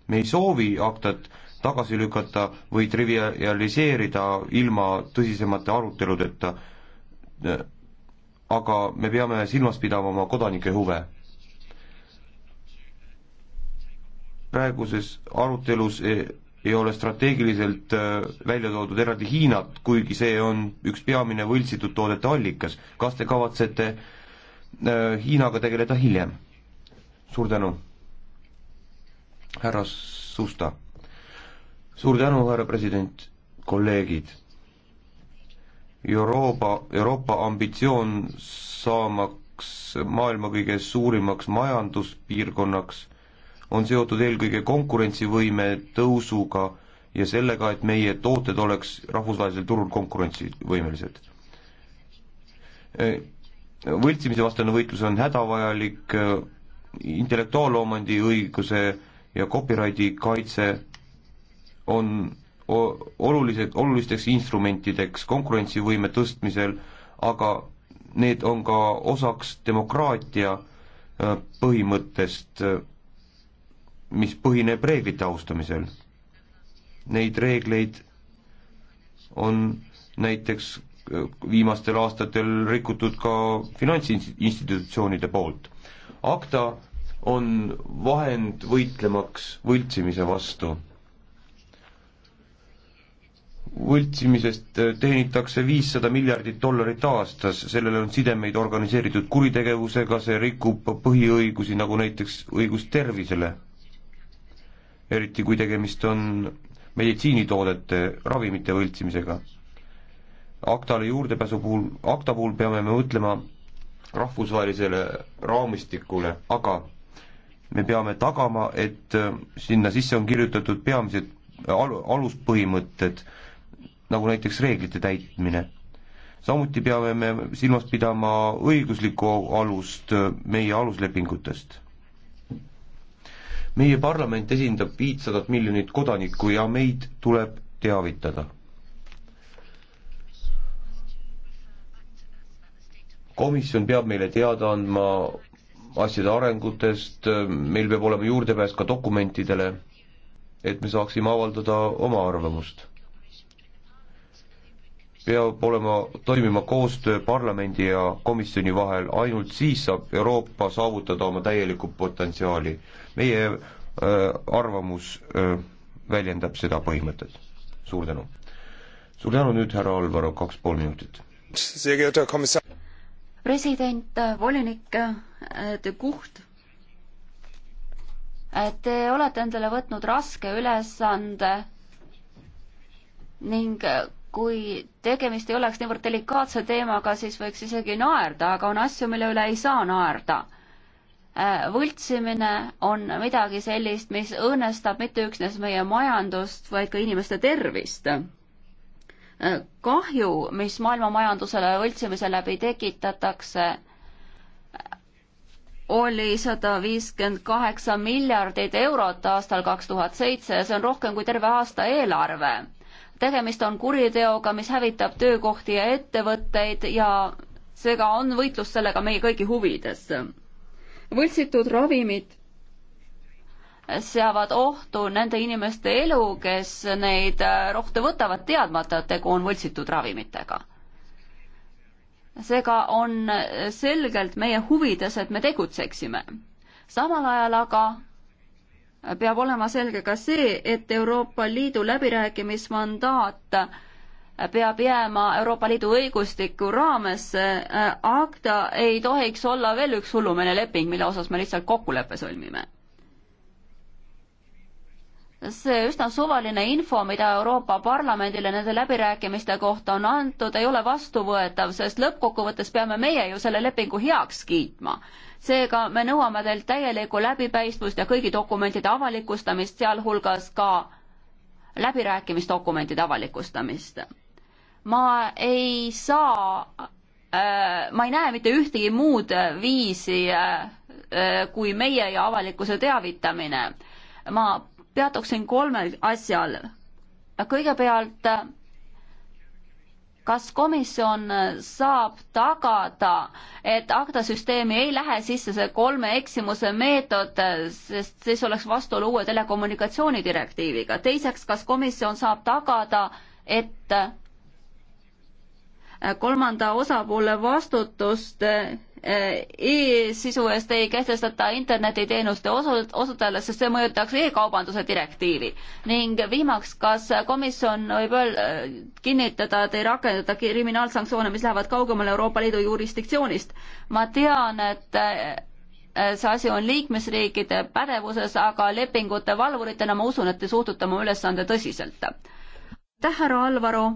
me ei soovi aktat tagasi lükata või trivialiseerida ilma tõsisemate aruteludeta aga me peame silmas pidama oma kodanike huve. praeguses arutelus ei, ei ole strateegiliselt äh, välja toodud eraldi Hiinat, kuigi see on üks peamine võltsitud toodete allikas. kas te kavatsete äh, Hiinaga tegeleda hiljem? suur tänu, härra Susta. suur tänu, härra president, kolleegid Euroopa, Euroopa ambitsioon saamaks maailma kõige suurimaks majanduspiirkonnaks on seotud eelkõige konkurentsivõime tõusuga ja sellega, et meie tooted oleks rahvusvahelisel turul konkurentsivõimelised. võltsimise vastane võitlus on hädavajalik, intellektuaalomandi õiguse ja copyrighti kaitse on olulised, olulisteks instrumentideks konkurentsivõime tõstmisel, aga need on ka osaks demokraatia äh, põhimõttest, äh, mis põhineb reeglite austamisel. Neid reegleid on näiteks äh, viimastel aastatel rikutud ka finantsinstitutsioonide poolt. ACTA on vahend võitlemaks võltsimise vastu võltsimisest äh, teenitakse viissada miljardit dollarit aastas, sellel on sidemeid organiseeritud kuritegevusega, see rikub põhiõigusi, nagu näiteks õigus tervisele. eriti kui tegemist on meditsiinitoodete, ravimite võltsimisega. aktale juurdepääsu puhul, akta puhul peame me mõtlema rahvusvahelisele raamistikule, aga me peame tagama, et äh, sinna sisse on kirjutatud peamised al-, aluspõhimõtted, nagu näiteks reeglite täitmine. samuti peame me silmas pidama õiguslikku alust äh, meie aluslepingutest. meie parlament esindab viitsadat miljonit kodanikku ja meid tuleb teavitada. komisjon peab meile teada andma asjade arengutest, äh, meil peab olema juurdepääs ka dokumentidele, et me saaksime avaldada oma arvamust peab olema, toimima koostöö parlamendi ja komisjoni vahel, ainult siis saab Euroopa saavutada oma täielikku potentsiaali. meie äh, arvamus äh, väljendab seda põhimõtet. suur tänu. suur tänu nüüd, härra Alvaro, kaks pool minutit. president, äh, volinik, Kuht, äh, äh, te olete endale võtnud raske ülesande ning kui tegemist ei oleks niivõrd delikaatse teemaga, siis võiks isegi naerda, aga on asju, mille üle ei saa naerda. Äh, võltsimine on midagi sellist, mis õõnestab mitte üksnes meie majandust, vaid ka inimeste tervist. Äh, kahju, mis maailma majandusele võltsimise läbi tekitatakse, oli sada viiskümmend kaheksa miljardit eurot aastal kaks tuhat seitse ja see on rohkem kui terve aasta eelarve tegemist on kuriteoga, mis hävitab töökohti ja ettevõtteid ja seega on võitlus sellega meie kõigi huvides. võltsitud ravimid seavad ohtu nende inimeste elu, kes neid rohte võtavad, teadmata, et tegu on võltsitud ravimitega. seega on selgelt meie huvides, et me tegutseksime. samal ajal aga peab olema selge ka see, et Euroopa Liidu läbirääkimismandaat peab jääma Euroopa Liidu õigustiku raamesse, äh, aga ei tohiks olla veel üks hullumeeleleping, mille osas me lihtsalt kokkuleppe sõlmime see üsna suvaline info, mida Euroopa Parlamendile nende läbirääkimiste kohta on antud, ei ole vastuvõetav, sest lõppkokkuvõttes peame meie ju selle lepingu heaks kiitma. seega me nõuame teilt täielikku läbipaistvust ja kõigi dokumentide avalikustamist, sealhulgas ka läbirääkimisdokumentide avalikustamist. ma ei saa äh,, ma ei näe mitte ühtegi muud viisi äh, äh kui meie ja avalikkuse teavitamine. ma peatuksin kolmel asjal. kõigepealt, kas komisjon saab tagada, et aktasüsteemi ei lähe sisse see kolme eksimuse meetod, sest siis oleks vastuolu uue telekommunikatsioonidirektiiviga. teiseks, kas komisjon saab tagada, et kolmanda osapoole vastutust Äh, e-sisu eest ei kehtestata internetiteenuste osutajale, sest see mõjutaks e-kaubanduse direktiivi. ning viimaks, kas komisjon võib öel-, äh, kinnitada, et ei rakendata kriminaalsanktsioone, mis lähevad kaugemale Euroopa Liidu jurisdiktsioonist? ma tean, et äh, see asi on liikmesriikide pädevuses, aga lepingute valvuritena ma usun, et te suhtute oma ülesande tõsiselt. aitäh, härra Alvaru!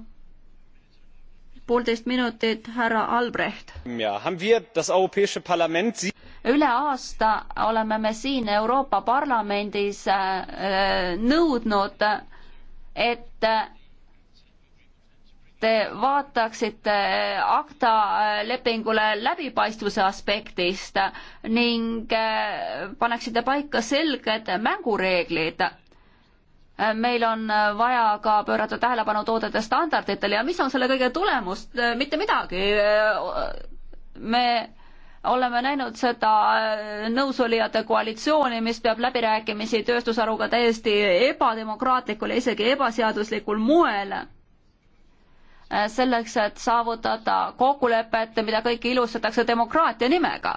poolteist minutit, härra Albrecht. üle aasta oleme me siin Euroopa Parlamendis äh, äh, nõudnud, et äh, te vaataksite akta lepingule läbipaistvuse aspektist ning paneksite paika selged mängureeglid meil on äh, vaja ka pöörata tähelepanu toodete standarditele ja mis on selle kõige tulemus, äh, mitte midagi. Äh, me oleme näinud seda nõusolijate koalitsiooni, mis peab läbirääkimisi tööstusharuga täiesti ebademokraatlikul ja isegi ebaseaduslikul moel selleks, et saavutada kokkulepet, mida kõike ilustatakse demokraatia nimega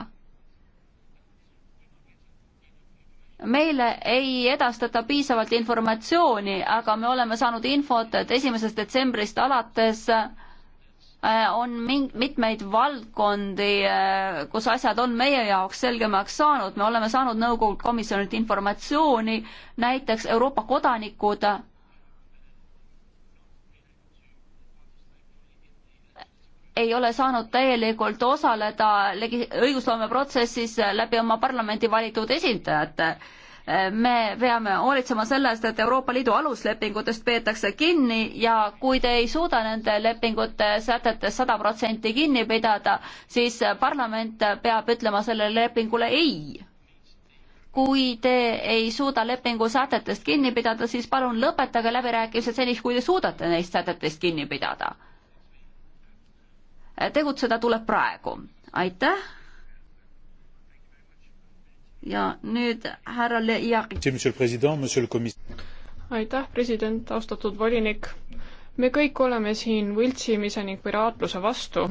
meile ei edastata piisavalt informatsiooni, aga me oleme saanud infot, et esimesest detsembrist alates äh, on ming-, mitmeid valdkondi, äh, kus asjad on meie jaoks selgemaks saanud, me oleme saanud nõukogult komisjonilt informatsiooni, näiteks Euroopa kodanikud ei ole saanud täielikult osaleda õigusloomeprotsessis läbi oma parlamendi valitud esindajate. me peame hoolitsema selle eest, et Euroopa Liidu aluslepingutest peetakse kinni ja kui te ei suuda nende lepingute sätetest sada protsenti kinni pidada, siis parlament peab ütlema sellele lepingule ei kui te ei suuda lepingu sätetest kinni pidada, siis palun lõpetage läbirääkimised seniks, kui te suudate neist sätetest kinni pidada tegutseda tuleb praegu. aitäh. ja nüüd härra Le-. aitäh, president, austatud volinik. me kõik oleme siin võltsimise ning piraatluse vastu,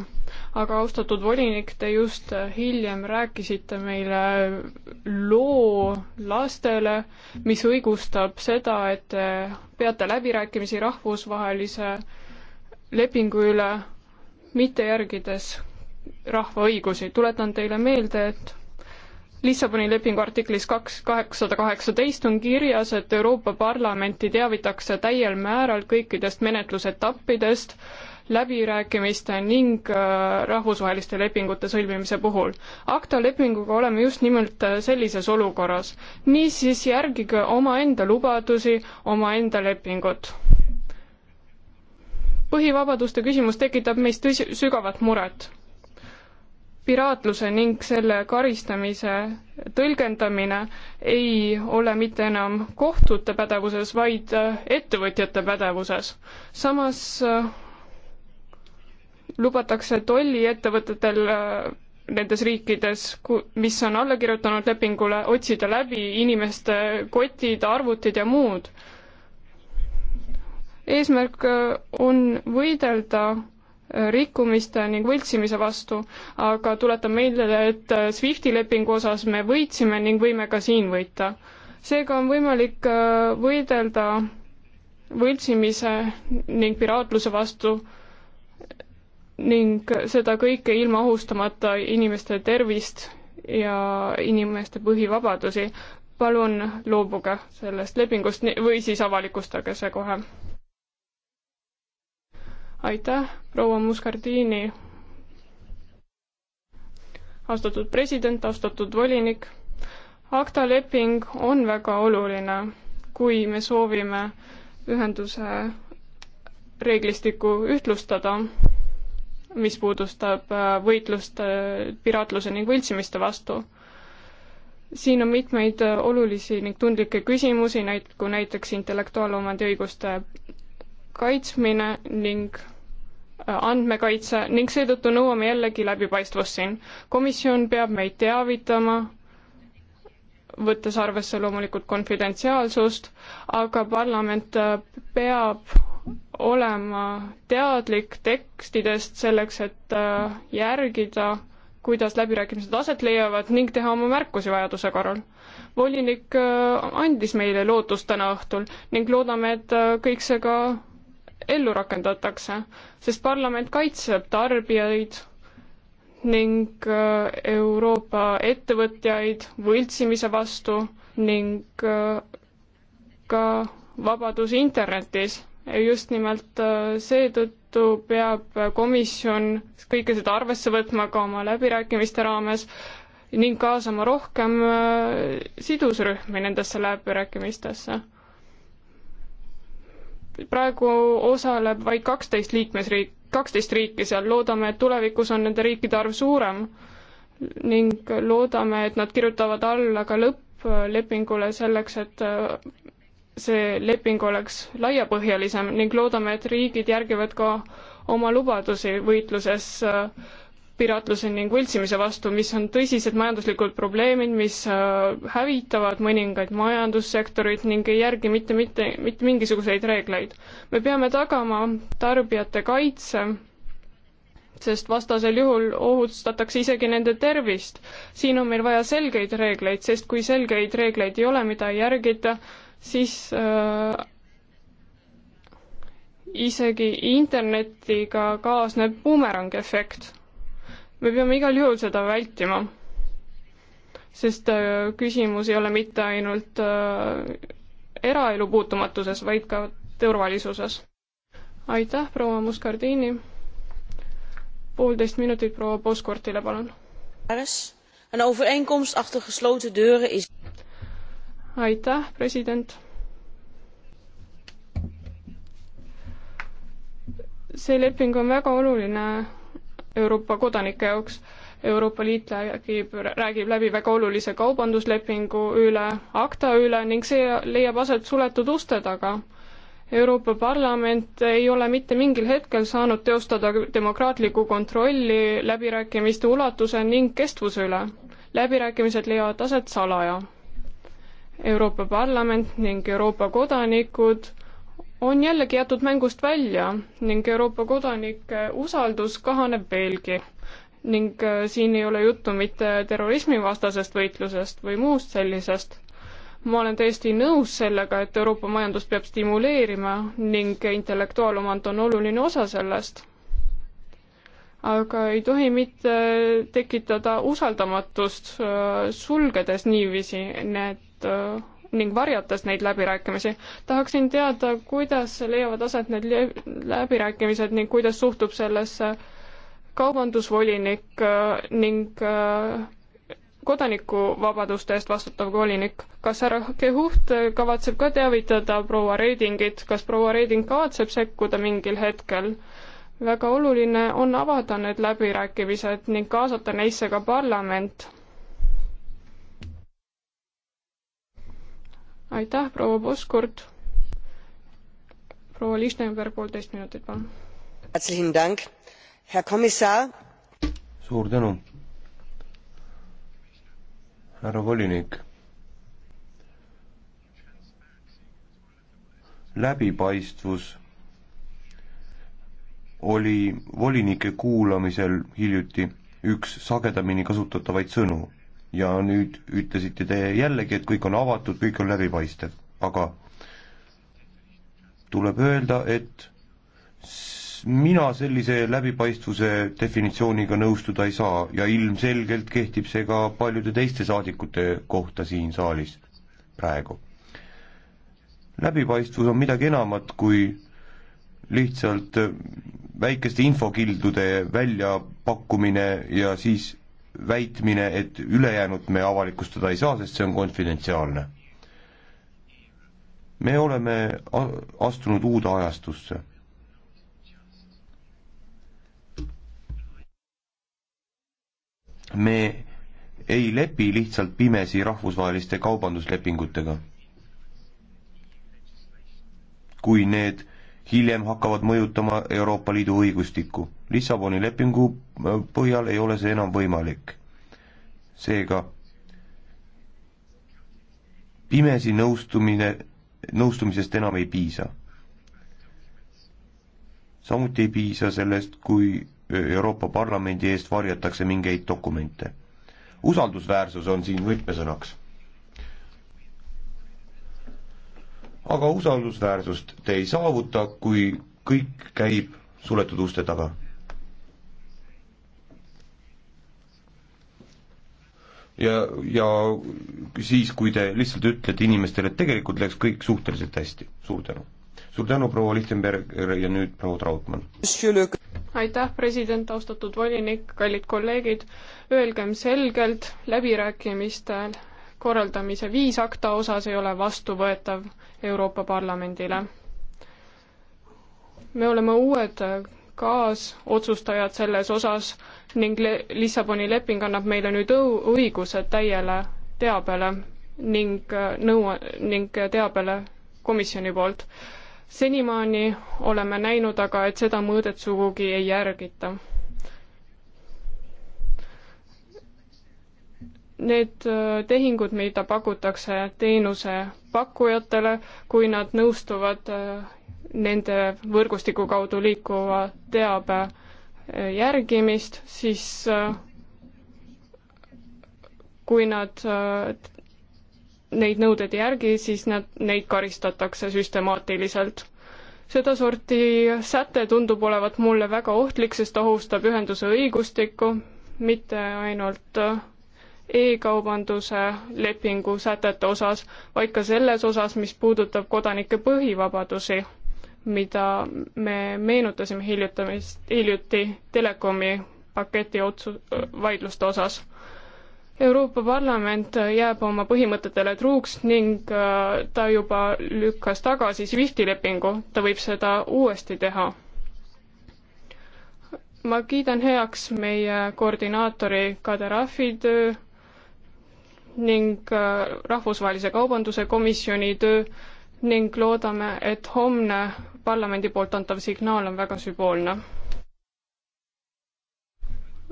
aga austatud volinik, te just hiljem rääkisite meile loo lastele, mis õigustab seda, et te peate läbirääkimisi rahvusvahelise lepingu üle mitte järgides rahva õigusi. tuletan teile meelde, et Lissaboni lepingu artiklis kaks, kaheksasada kaheksateist on kirjas, et Euroopa Parlamenti teavitakse täiel määral kõikidest menetlusetappidest, läbirääkimiste ning äh, rahvusvaheliste lepingute sõlmimise puhul. ACTA lepinguga oleme just nimelt äh, sellises olukorras. niisiis järgige omaenda lubadusi, omaenda lepingut põhivabaduste küsimus tekitab meis tõsi, sügavat muret. piraatluse ning selle karistamise tõlgendamine ei ole mitte enam kohtute pädevuses, vaid äh, ettevõtjate pädevuses. samas äh, lubatakse tolliettevõtetel äh, nendes riikides, mis on alla kirjutanud lepingule, otsida läbi inimeste kotid, arvutid ja muud eesmärk äh, on võidelda äh, rikkumiste ning võltsimise vastu, aga tuletan meelde, et äh, SWIFTi lepingu osas me võitsime ning võime ka siin võita. seega on võimalik võidelda võltsimise ning piraatluse vastu ning seda kõike ilma ohustamata inimeste tervist ja inimeste põhivabadusi. palun loobuge sellest lepingust või siis avalikustage see kohe aitäh, proua Muscardini. austatud president, austatud volinik. ACTA leping on väga oluline, kui me soovime ühenduse reeglistikku ühtlustada, mis puudustab äh, võitlust äh, piraatluse ning võltsimiste vastu. siin on mitmeid äh, olulisi ning tundlikke küsimusi, näit-, kui näiteks intellektuaalomandi õiguste kaitsmine ning äh, andmekaitse ning seetõttu nõuame jällegi läbipaistvust siin. komisjon peab meid teavitama, võttes arvesse loomulikult konfidentsiaalsust, aga parlament äh, peab olema teadlik tekstidest selleks, et äh, järgida, kuidas läbirääkimised aset leiavad ning teha oma märkusi vajaduse korral. volinik andis meile lootust täna õhtul ning loodame, et kõik see ka ellu rakendatakse, sest parlament kaitseb tarbijaid ning äh, Euroopa ettevõtjaid võltsimise vastu ning äh, ka vabadus internetis. just nimelt äh, seetõttu peab komisjon kõike seda arvesse võtma ka oma läbirääkimiste raames ning kaasama rohkem sidusrühmi nendesse läbirääkimistesse praegu osaleb vaid kaksteist liikmesriik, kaksteist riiki seal, loodame, et tulevikus on nende riikide arv suurem ning loodame, et nad kirjutavad alla ka lõpplepingule selleks, et äh, see leping oleks laiapõhjalisem ning loodame, et riigid järgivad ka oma lubadusi võitluses äh, piraatluse ning võltsimise vastu, mis on tõsised majanduslikud probleemid, mis äh, hävitavad mõningaid majandussektoreid ning ei järgi mitte, mitte, mitte mingisuguseid reegleid. me peame tagama tarbijate kaitse, sest vastasel juhul ohustatakse isegi nende tervist. siin on meil vaja selgeid reegleid, sest kui selgeid reegleid ei ole, mida ei järgita, siis äh, isegi internetiga kaasneb bumerangi efekt me peame igal juhul seda vältima. sest äh, küsimus ei ole mitte ainult äh, eraelu puutumatuses, vaid ka turvalisuses. aitäh, proua Muscardini. poolteist minutit proua Poskortile, palun. Een overeenkomst achter gesloten deuren is. Aitäh, president. see leping on väga oluline Euroopa kodanike jaoks. Euroopa Liit räägib, räägib läbi väga olulise kaubanduslepingu üle, akta üle ning see leiab aset suletud uste taga. Euroopa Parlament ei ole mitte mingil hetkel saanud teostada demokraatlikku kontrolli läbirääkimiste ulatuse ning kestvuse üle. läbirääkimised leiavad aset salaja. Euroopa Parlament ning Euroopa kodanikud on jällegi jätud mängust välja ning Euroopa kodanike usaldus kahaneb veelgi. ning äh, siin ei ole juttu mitte terrorismivastasest võitlusest või muust sellisest. ma olen täiesti nõus sellega, et Euroopa majandust peab stimuleerima ning intellektuaalomand on oluline osa sellest. aga ei tohi mitte tekitada usaldamatust, äh, sulgedes niiviisi need äh, ning varjates neid läbirääkimisi. tahaksin teada, kuidas leiavad aset need läbirääkimised ning kuidas suhtub sellesse kaubandusvolinik äh, ning äh, kodanikuvabaduste eest vastutav volinik. kas härra Kehuht kavatseb ka teavitada proua Reidingit, kas proua Reiding kavatseb sekkuda mingil hetkel? väga oluline on avada need läbirääkimised ning kaasata neisse ka parlament aitäh, proua Poskurt. proua Lichtenberg, poolteist minutit, palun. suur tänu. härra volinik. läbipaistvus oli volinike kuulamisel hiljuti üks sagedamini kasutatavaid sõnu ja nüüd ütlesite te jällegi, et kõik on avatud, kõik on läbipaistev, aga tuleb öelda, et mina sellise läbipaistvuse definitsiooniga nõustuda ei saa ja ilmselgelt kehtib see ka paljude teiste saadikute kohta siin saalis praegu. läbipaistvus on midagi enamat kui lihtsalt väikeste infokildude väljapakkumine ja siis väitmine, et ülejäänut me avalikustada ei saa, sest see on konfidentsiaalne. me oleme astunud uude ajastusse. me ei lepi lihtsalt pimesi rahvusvaheliste kaubanduslepingutega. kui need hiljem hakkavad mõjutama Euroopa Liidu õigustikku Lissaboni lepingu äh, põhjal ei ole see enam võimalik. seega pimesi nõustumine, nõustumisest enam ei piisa. samuti ei piisa sellest, kui Euroopa Parlamendi eest varjatakse mingeid dokumente. usaldusväärsus on siin võtmesõnaks. aga usaldusväärsust te ei saavuta, kui kõik käib suletud uste taga ja, ja siis, kui te lihtsalt ütlete inimestele, et tegelikult läks kõik suhteliselt hästi. suur tänu. suur tänu, proua Lichtenberger ja nüüd proua Trautmann. aitäh, president, austatud volinik, kallid kolleegid, öelgem selgelt, läbirääkimistel korraldamise viis akta osas ei ole vastuvõetav Euroopa Parlamendile. me oleme uued kaasotsustajad selles osas ning le-, Lissaboni leping annab meile nüüd õu-, õigused täiele teabele ning äh, nõu-, ning teabele komisjoni poolt. senimaani oleme näinud aga, et seda mõõdet sugugi ei järgita. Need äh, tehingud, mida pakutakse teenusepakkujatele, kui nad nõustuvad äh, nende võrgustiku kaudu liikuva teabe järgimist, siis äh, kui nad äh, neid nõudeid ei järgi, siis nad, neid karistatakse süstemaatiliselt. sedasorti säte tundub olevat mulle väga ohtlik, sest ta ohustab ühenduse õigustikku, mitte ainult äh, e-kaubanduse lepingu sätete osas, vaid ka selles osas, mis puudutab kodanike põhivabadusi mida me meenutasime hiljutamist, hiljuti Telekomi paketi otsu-, vaidluste osas. Euroopa Parlament jääb oma põhimõtetele truuks ning äh, ta juba lükkas tagasi SWIFTi lepingu, ta võib seda uuesti teha. ma kiidan heaks meie koordinaatori Kaderafi töö ning äh, Rahvusvahelise Kaubanduse Komisjoni töö, ning loodame, et homne parlamendi poolt antav signaal on väga sümboolne.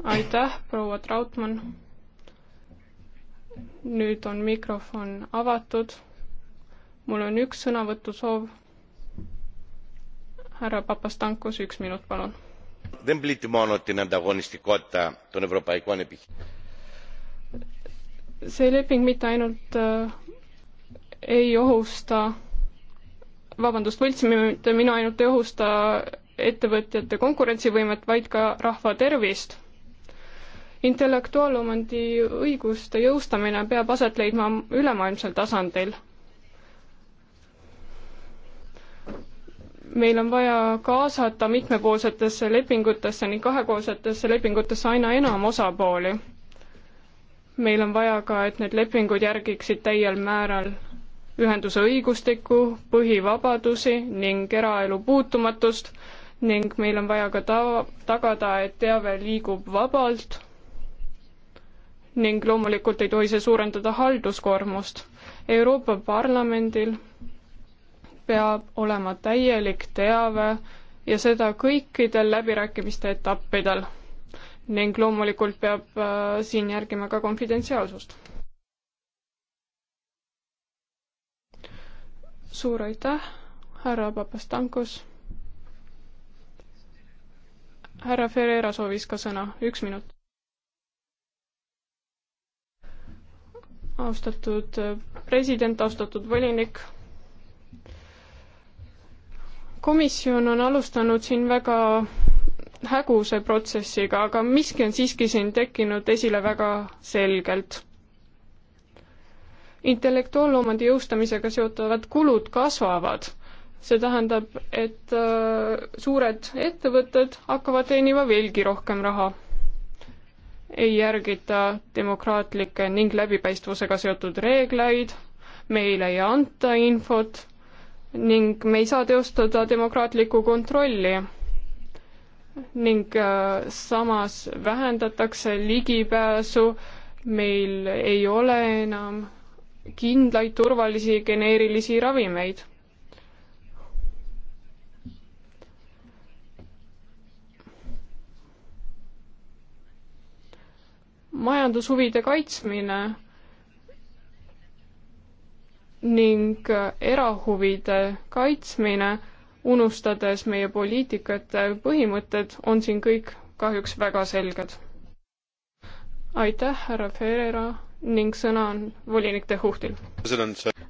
aitäh, proua Trautmann. nüüd on mikrofon avatud. mul on üks sõnavõtusoov. härra Papastankos, üks minut, palun. Δεν πλήττει μόνο την ανταγωνιστικότητα των ευρωπαϊκών επιχειρήσεων. See leping mitte ainult äh, ei ohusta äh, vabandust, võltsimine minu ainult ei ohusta ettevõtjate konkurentsivõimet, vaid ka rahva tervist. intellektuaalomandi õiguste jõustamine peab aset leidma ülemaailmsel tasandil. meil on vaja kaasata mitmepoolsetesse lepingutesse ning kahepoolsetesse lepingutesse aina enam osapooli. meil on vaja ka, et need lepingud järgiksid täiel määral ühenduse õigustikku, põhivabadusi ning eraelu puutumatust ning meil on vaja ka ta-, tagada, et teave liigub vabalt ning loomulikult ei tohi see suurendada halduskoormust. Euroopa Parlamendil peab olema täielik teave ja seda kõikidel läbirääkimiste etappidel ning loomulikult peab äh, siin järgima ka konfidentsiaalsust. suur aitäh, härra Papastankos. härra Ferreira soovis ka sõna, üks minut. austatud äh, president, austatud volinik. komisjon on alustanud siin väga häguse protsessiga, aga miski on siiski siin tekkinud esile väga selgelt intellektuaalomandi jõustamisega seotuvad kulud kasvavad. see tähendab, et äh, suured ettevõtted hakkavad teenima veelgi rohkem raha. ei järgita demokraatlikke ning läbipaistvusega seotud reegleid, meile ei anta infot ning me ei saa teostada demokraatlikku kontrolli. ning äh, samas vähendatakse ligipääsu, meil ei ole enam kindlaid turvalisi geneerilisi ravimeid. majandushuvide kaitsmine ning erahuvide kaitsmine, unustades meie poliitikate põhimõtted, on siin kõik kahjuks väga selged. aitäh, härra Ferreira ning sõna on volinik De Huhtil.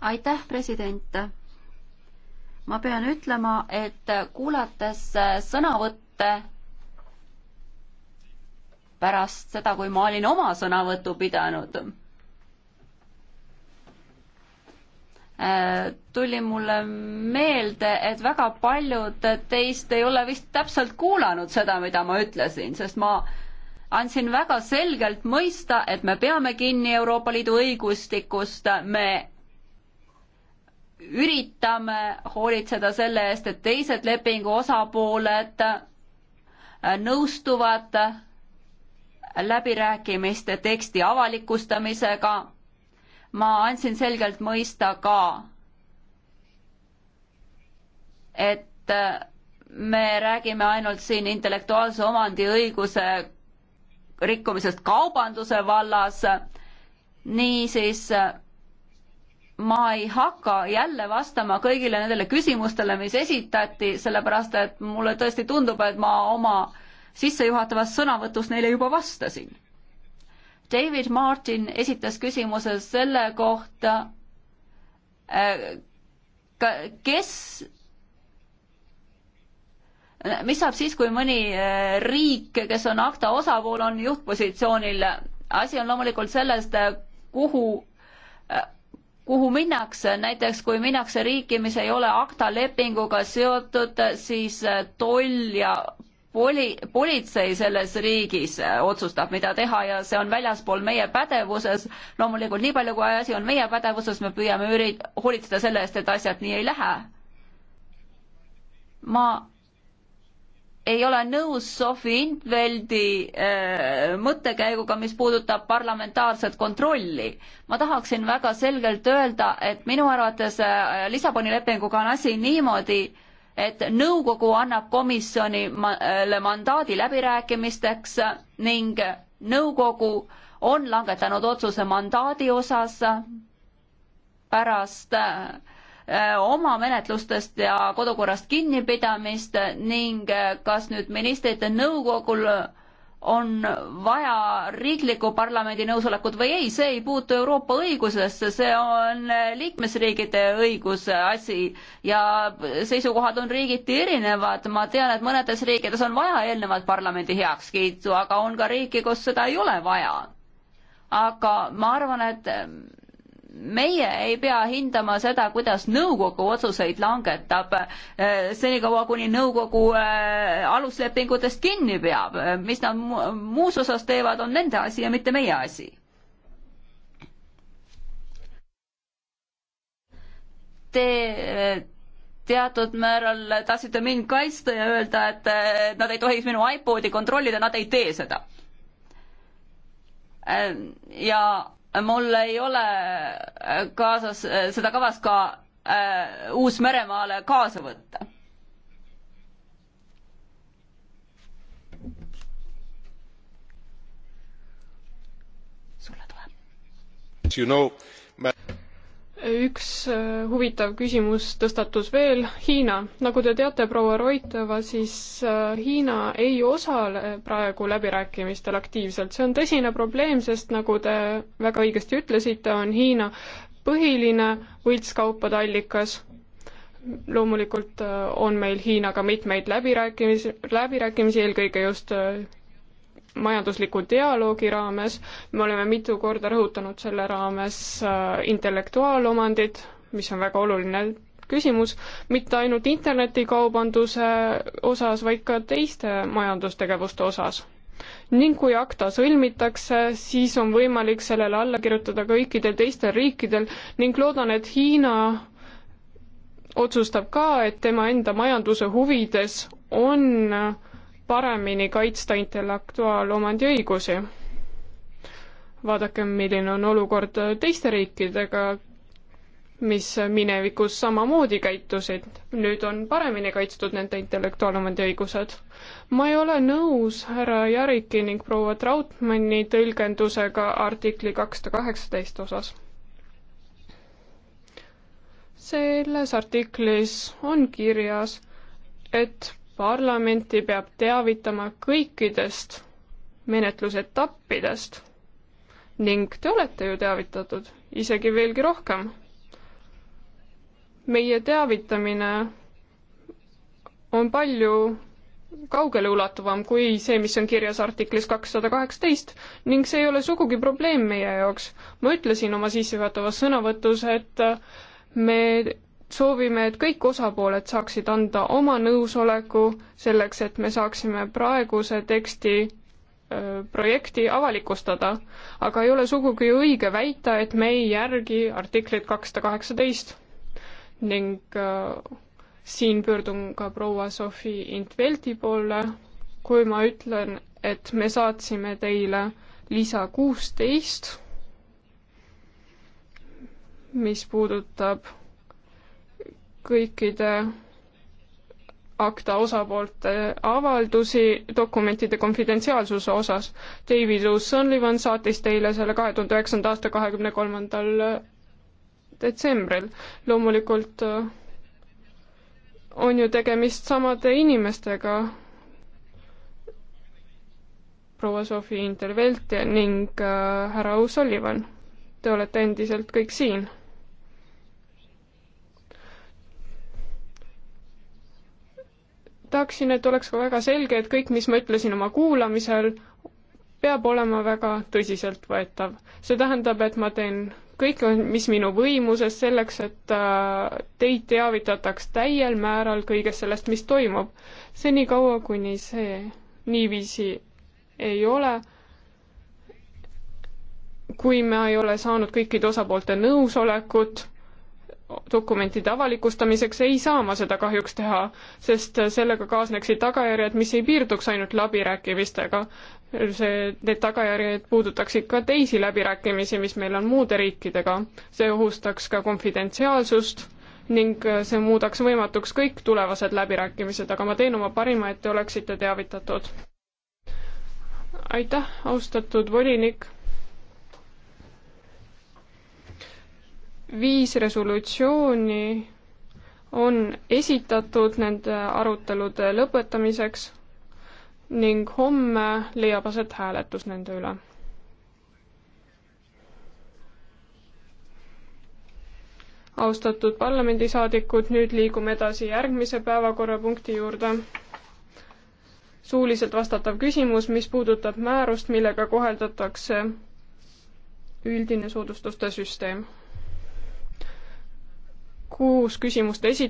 aitäh, president! ma pean ütlema, et kuulates sõnavõtte pärast seda, kui ma olin oma sõnavõtu pidanud, äh, tuli mulle meelde, et väga paljud teist ei ole vist täpselt kuulanud seda, mida ma ütlesin, sest ma andsin väga selgelt mõista, et me peame kinni Euroopa Liidu õigustikust, me üritame hoolitseda selle eest, et teised lepingu osapooled nõustuvad läbirääkimiste teksti avalikustamisega. ma andsin selgelt mõista ka, et me räägime ainult siin intellektuaalse omandiõiguse rikkumisest kaubanduse vallas. niisiis ma ei hakka jälle vastama kõigile nendele küsimustele, mis esitati, sellepärast et mulle tõesti tundub, et ma oma sissejuhatavas sõnavõtus neile juba vastasin. David Martin esitas küsimuse selle kohta, äh, kes mis saab siis, kui mõni äh, riik, kes on akta osapool, on juhtpositsioonil? asi on loomulikult sellest, äh, kuhu, äh, kuhu minnakse, näiteks kui minnakse riiki, mis ei ole akta lepinguga seotud, siis toll ja poli-, politsei selles riigis otsustab, mida teha ja see on väljaspool meie pädevuses. loomulikult nii palju, kui asi on meie pädevuses, me püüame üri-, hoolitseda selle eest, et asjad nii ei lähe. ma ei ole nõus Sofi Intveldi äh, mõttekäiguga, mis puudutab parlamentaarset kontrolli. ma tahaksin väga selgelt öelda, et minu arvates äh, Lissaboni lepinguga on asi niimoodi, et nõukogu annab komisjonile äh, mandaadi läbirääkimisteks ning nõukogu on langetanud otsuse mandaadi osas pärast äh, Äh, oma menetlustest ja kodukorrast kinnipidamist ning äh, kas nüüd ministrite nõukogul on vaja riikliku parlamendi nõusolekut või ei, see ei puutu Euroopa õigusesse, see on äh, liikmesriigide õiguse asi ja seisukohad on riigiti erinevad. ma tean, et mõnedes riikides on vaja eelnevalt parlamendi heakskiitu, aga on ka riike, kus seda ei ole vaja. aga ma arvan, et meie ei pea hindama seda, kuidas nõukogu otsuseid langetab senikaua, kuni nõukogu äh, aluslepingutest kinni peab. mis nad muus osas teevad, on nende asi ja mitte meie asi. Te äh, teatud määral tahtsite mind kaitsta ja öelda, et äh, nad ei tohiks minu iPodi kontrollida, nad ei tee seda. ja mul ei ole äh, kaasas äh, seda kavas ka äh, Uus-Meremaale kaasa võtta. sulle tuleb üks äh, huvitav küsimus tõstatus veel, Hiina. nagu te teate, proua Roitova, siis äh, Hiina ei osale praegu läbirääkimistel aktiivselt. see on tõsine probleem, sest nagu te väga õigesti ütlesite, on Hiina põhiline võltskaupade allikas. loomulikult äh, on meil Hiinaga mitmeid läbirääkimisi, läbirääkimisi eelkõige just majandusliku dialoogi raames, me oleme mitu korda rõhutanud selle raames äh, intellektuaalomandit, mis on väga oluline küsimus, mitte ainult internetikaubanduse osas, vaid ka teiste majandustegevuste osas. ning kui akta sõlmitakse, siis on võimalik sellele alla kirjutada kõikidel teistel riikidel ning loodan, et Hiina otsustab ka, et tema enda majanduse huvides on äh, paremini kaitsta intellektuaalomandi õigusi. vaadakem, milline on olukord teiste riikidega, mis minevikus samamoodi käitusid, nüüd on paremini kaitstud nende intellektuaalomandi õigused. ma ei ole nõus härra Jariki ning proua Trautmanni tõlgendusega artikli kakssada kaheksateist osas. selles artiklis on kirjas, et parlamenti peab teavitama kõikidest menetlusetappidest ning te olete ju teavitatud isegi veelgi rohkem. meie teavitamine on palju kaugeleulatuvam kui see, mis on kirjas artiklis kakssada kaheksateist ning see ei ole sugugi probleem meie jaoks. ma ütlesin oma sissejuhatavas sõnavõtus, et me soovime, et kõik osapooled saaksid anda oma nõusoleku selleks, et me saaksime praeguse teksti öö, projekti avalikustada, aga ei ole sugugi õige väita, et me ei järgi artiklit kakssada kaheksateist ning öö, siin pöördun ka proua Sofi Intvelti poole, kui ma ütlen, et me saatsime teile lisa kuusteist, mis puudutab kõikide akta osapoolte avaldusi dokumentide konfidentsiaalsuse osas. David O'Sullivan saatis teile selle kahe tuhande üheksanda aasta kahekümne kolmandal detsembril. loomulikult äh, on ju tegemist samade inimestega, proua Sofi Intervelt ning äh, härra O'Sullivan. Te olete endiselt kõik siin tahaksin, et oleks ka väga selge, et kõik, mis ma ütlesin oma kuulamisel, peab olema väga tõsiseltvõetav. see tähendab, et ma teen kõik, mis minu võimuses, selleks, et äh, teid teavitataks täiel määral kõigest sellest, mis toimub. senikaua, kuni see niiviisi ei ole, kui ma ei ole saanud kõikide osapoolte nõusolekut dokumentide avalikustamiseks ei saa ma seda kahjuks teha, sest sellega kaasneksid tagajärjed, mis ei piirduks ainult läbirääkimistega. see, need tagajärjed puudutaksid ka teisi läbirääkimisi, mis meil on muude riikidega. see ohustaks ka konfidentsiaalsust ning see muudaks võimatuks kõik tulevased läbirääkimised, aga ma teen oma parima, et te oleksite teavitatud. aitäh, austatud volinik viis resolutsiooni on esitatud nende arutelude lõpetamiseks ning homme leiab aset hääletus nende üle. austatud parlamendisaadikud, nüüd liigume edasi järgmise päevakorrapunkti juurde. suuliselt vastatav küsimus, mis puudutab määrust, millega koheldatakse üldine soodustuste süsteem kuus küsimust esi-,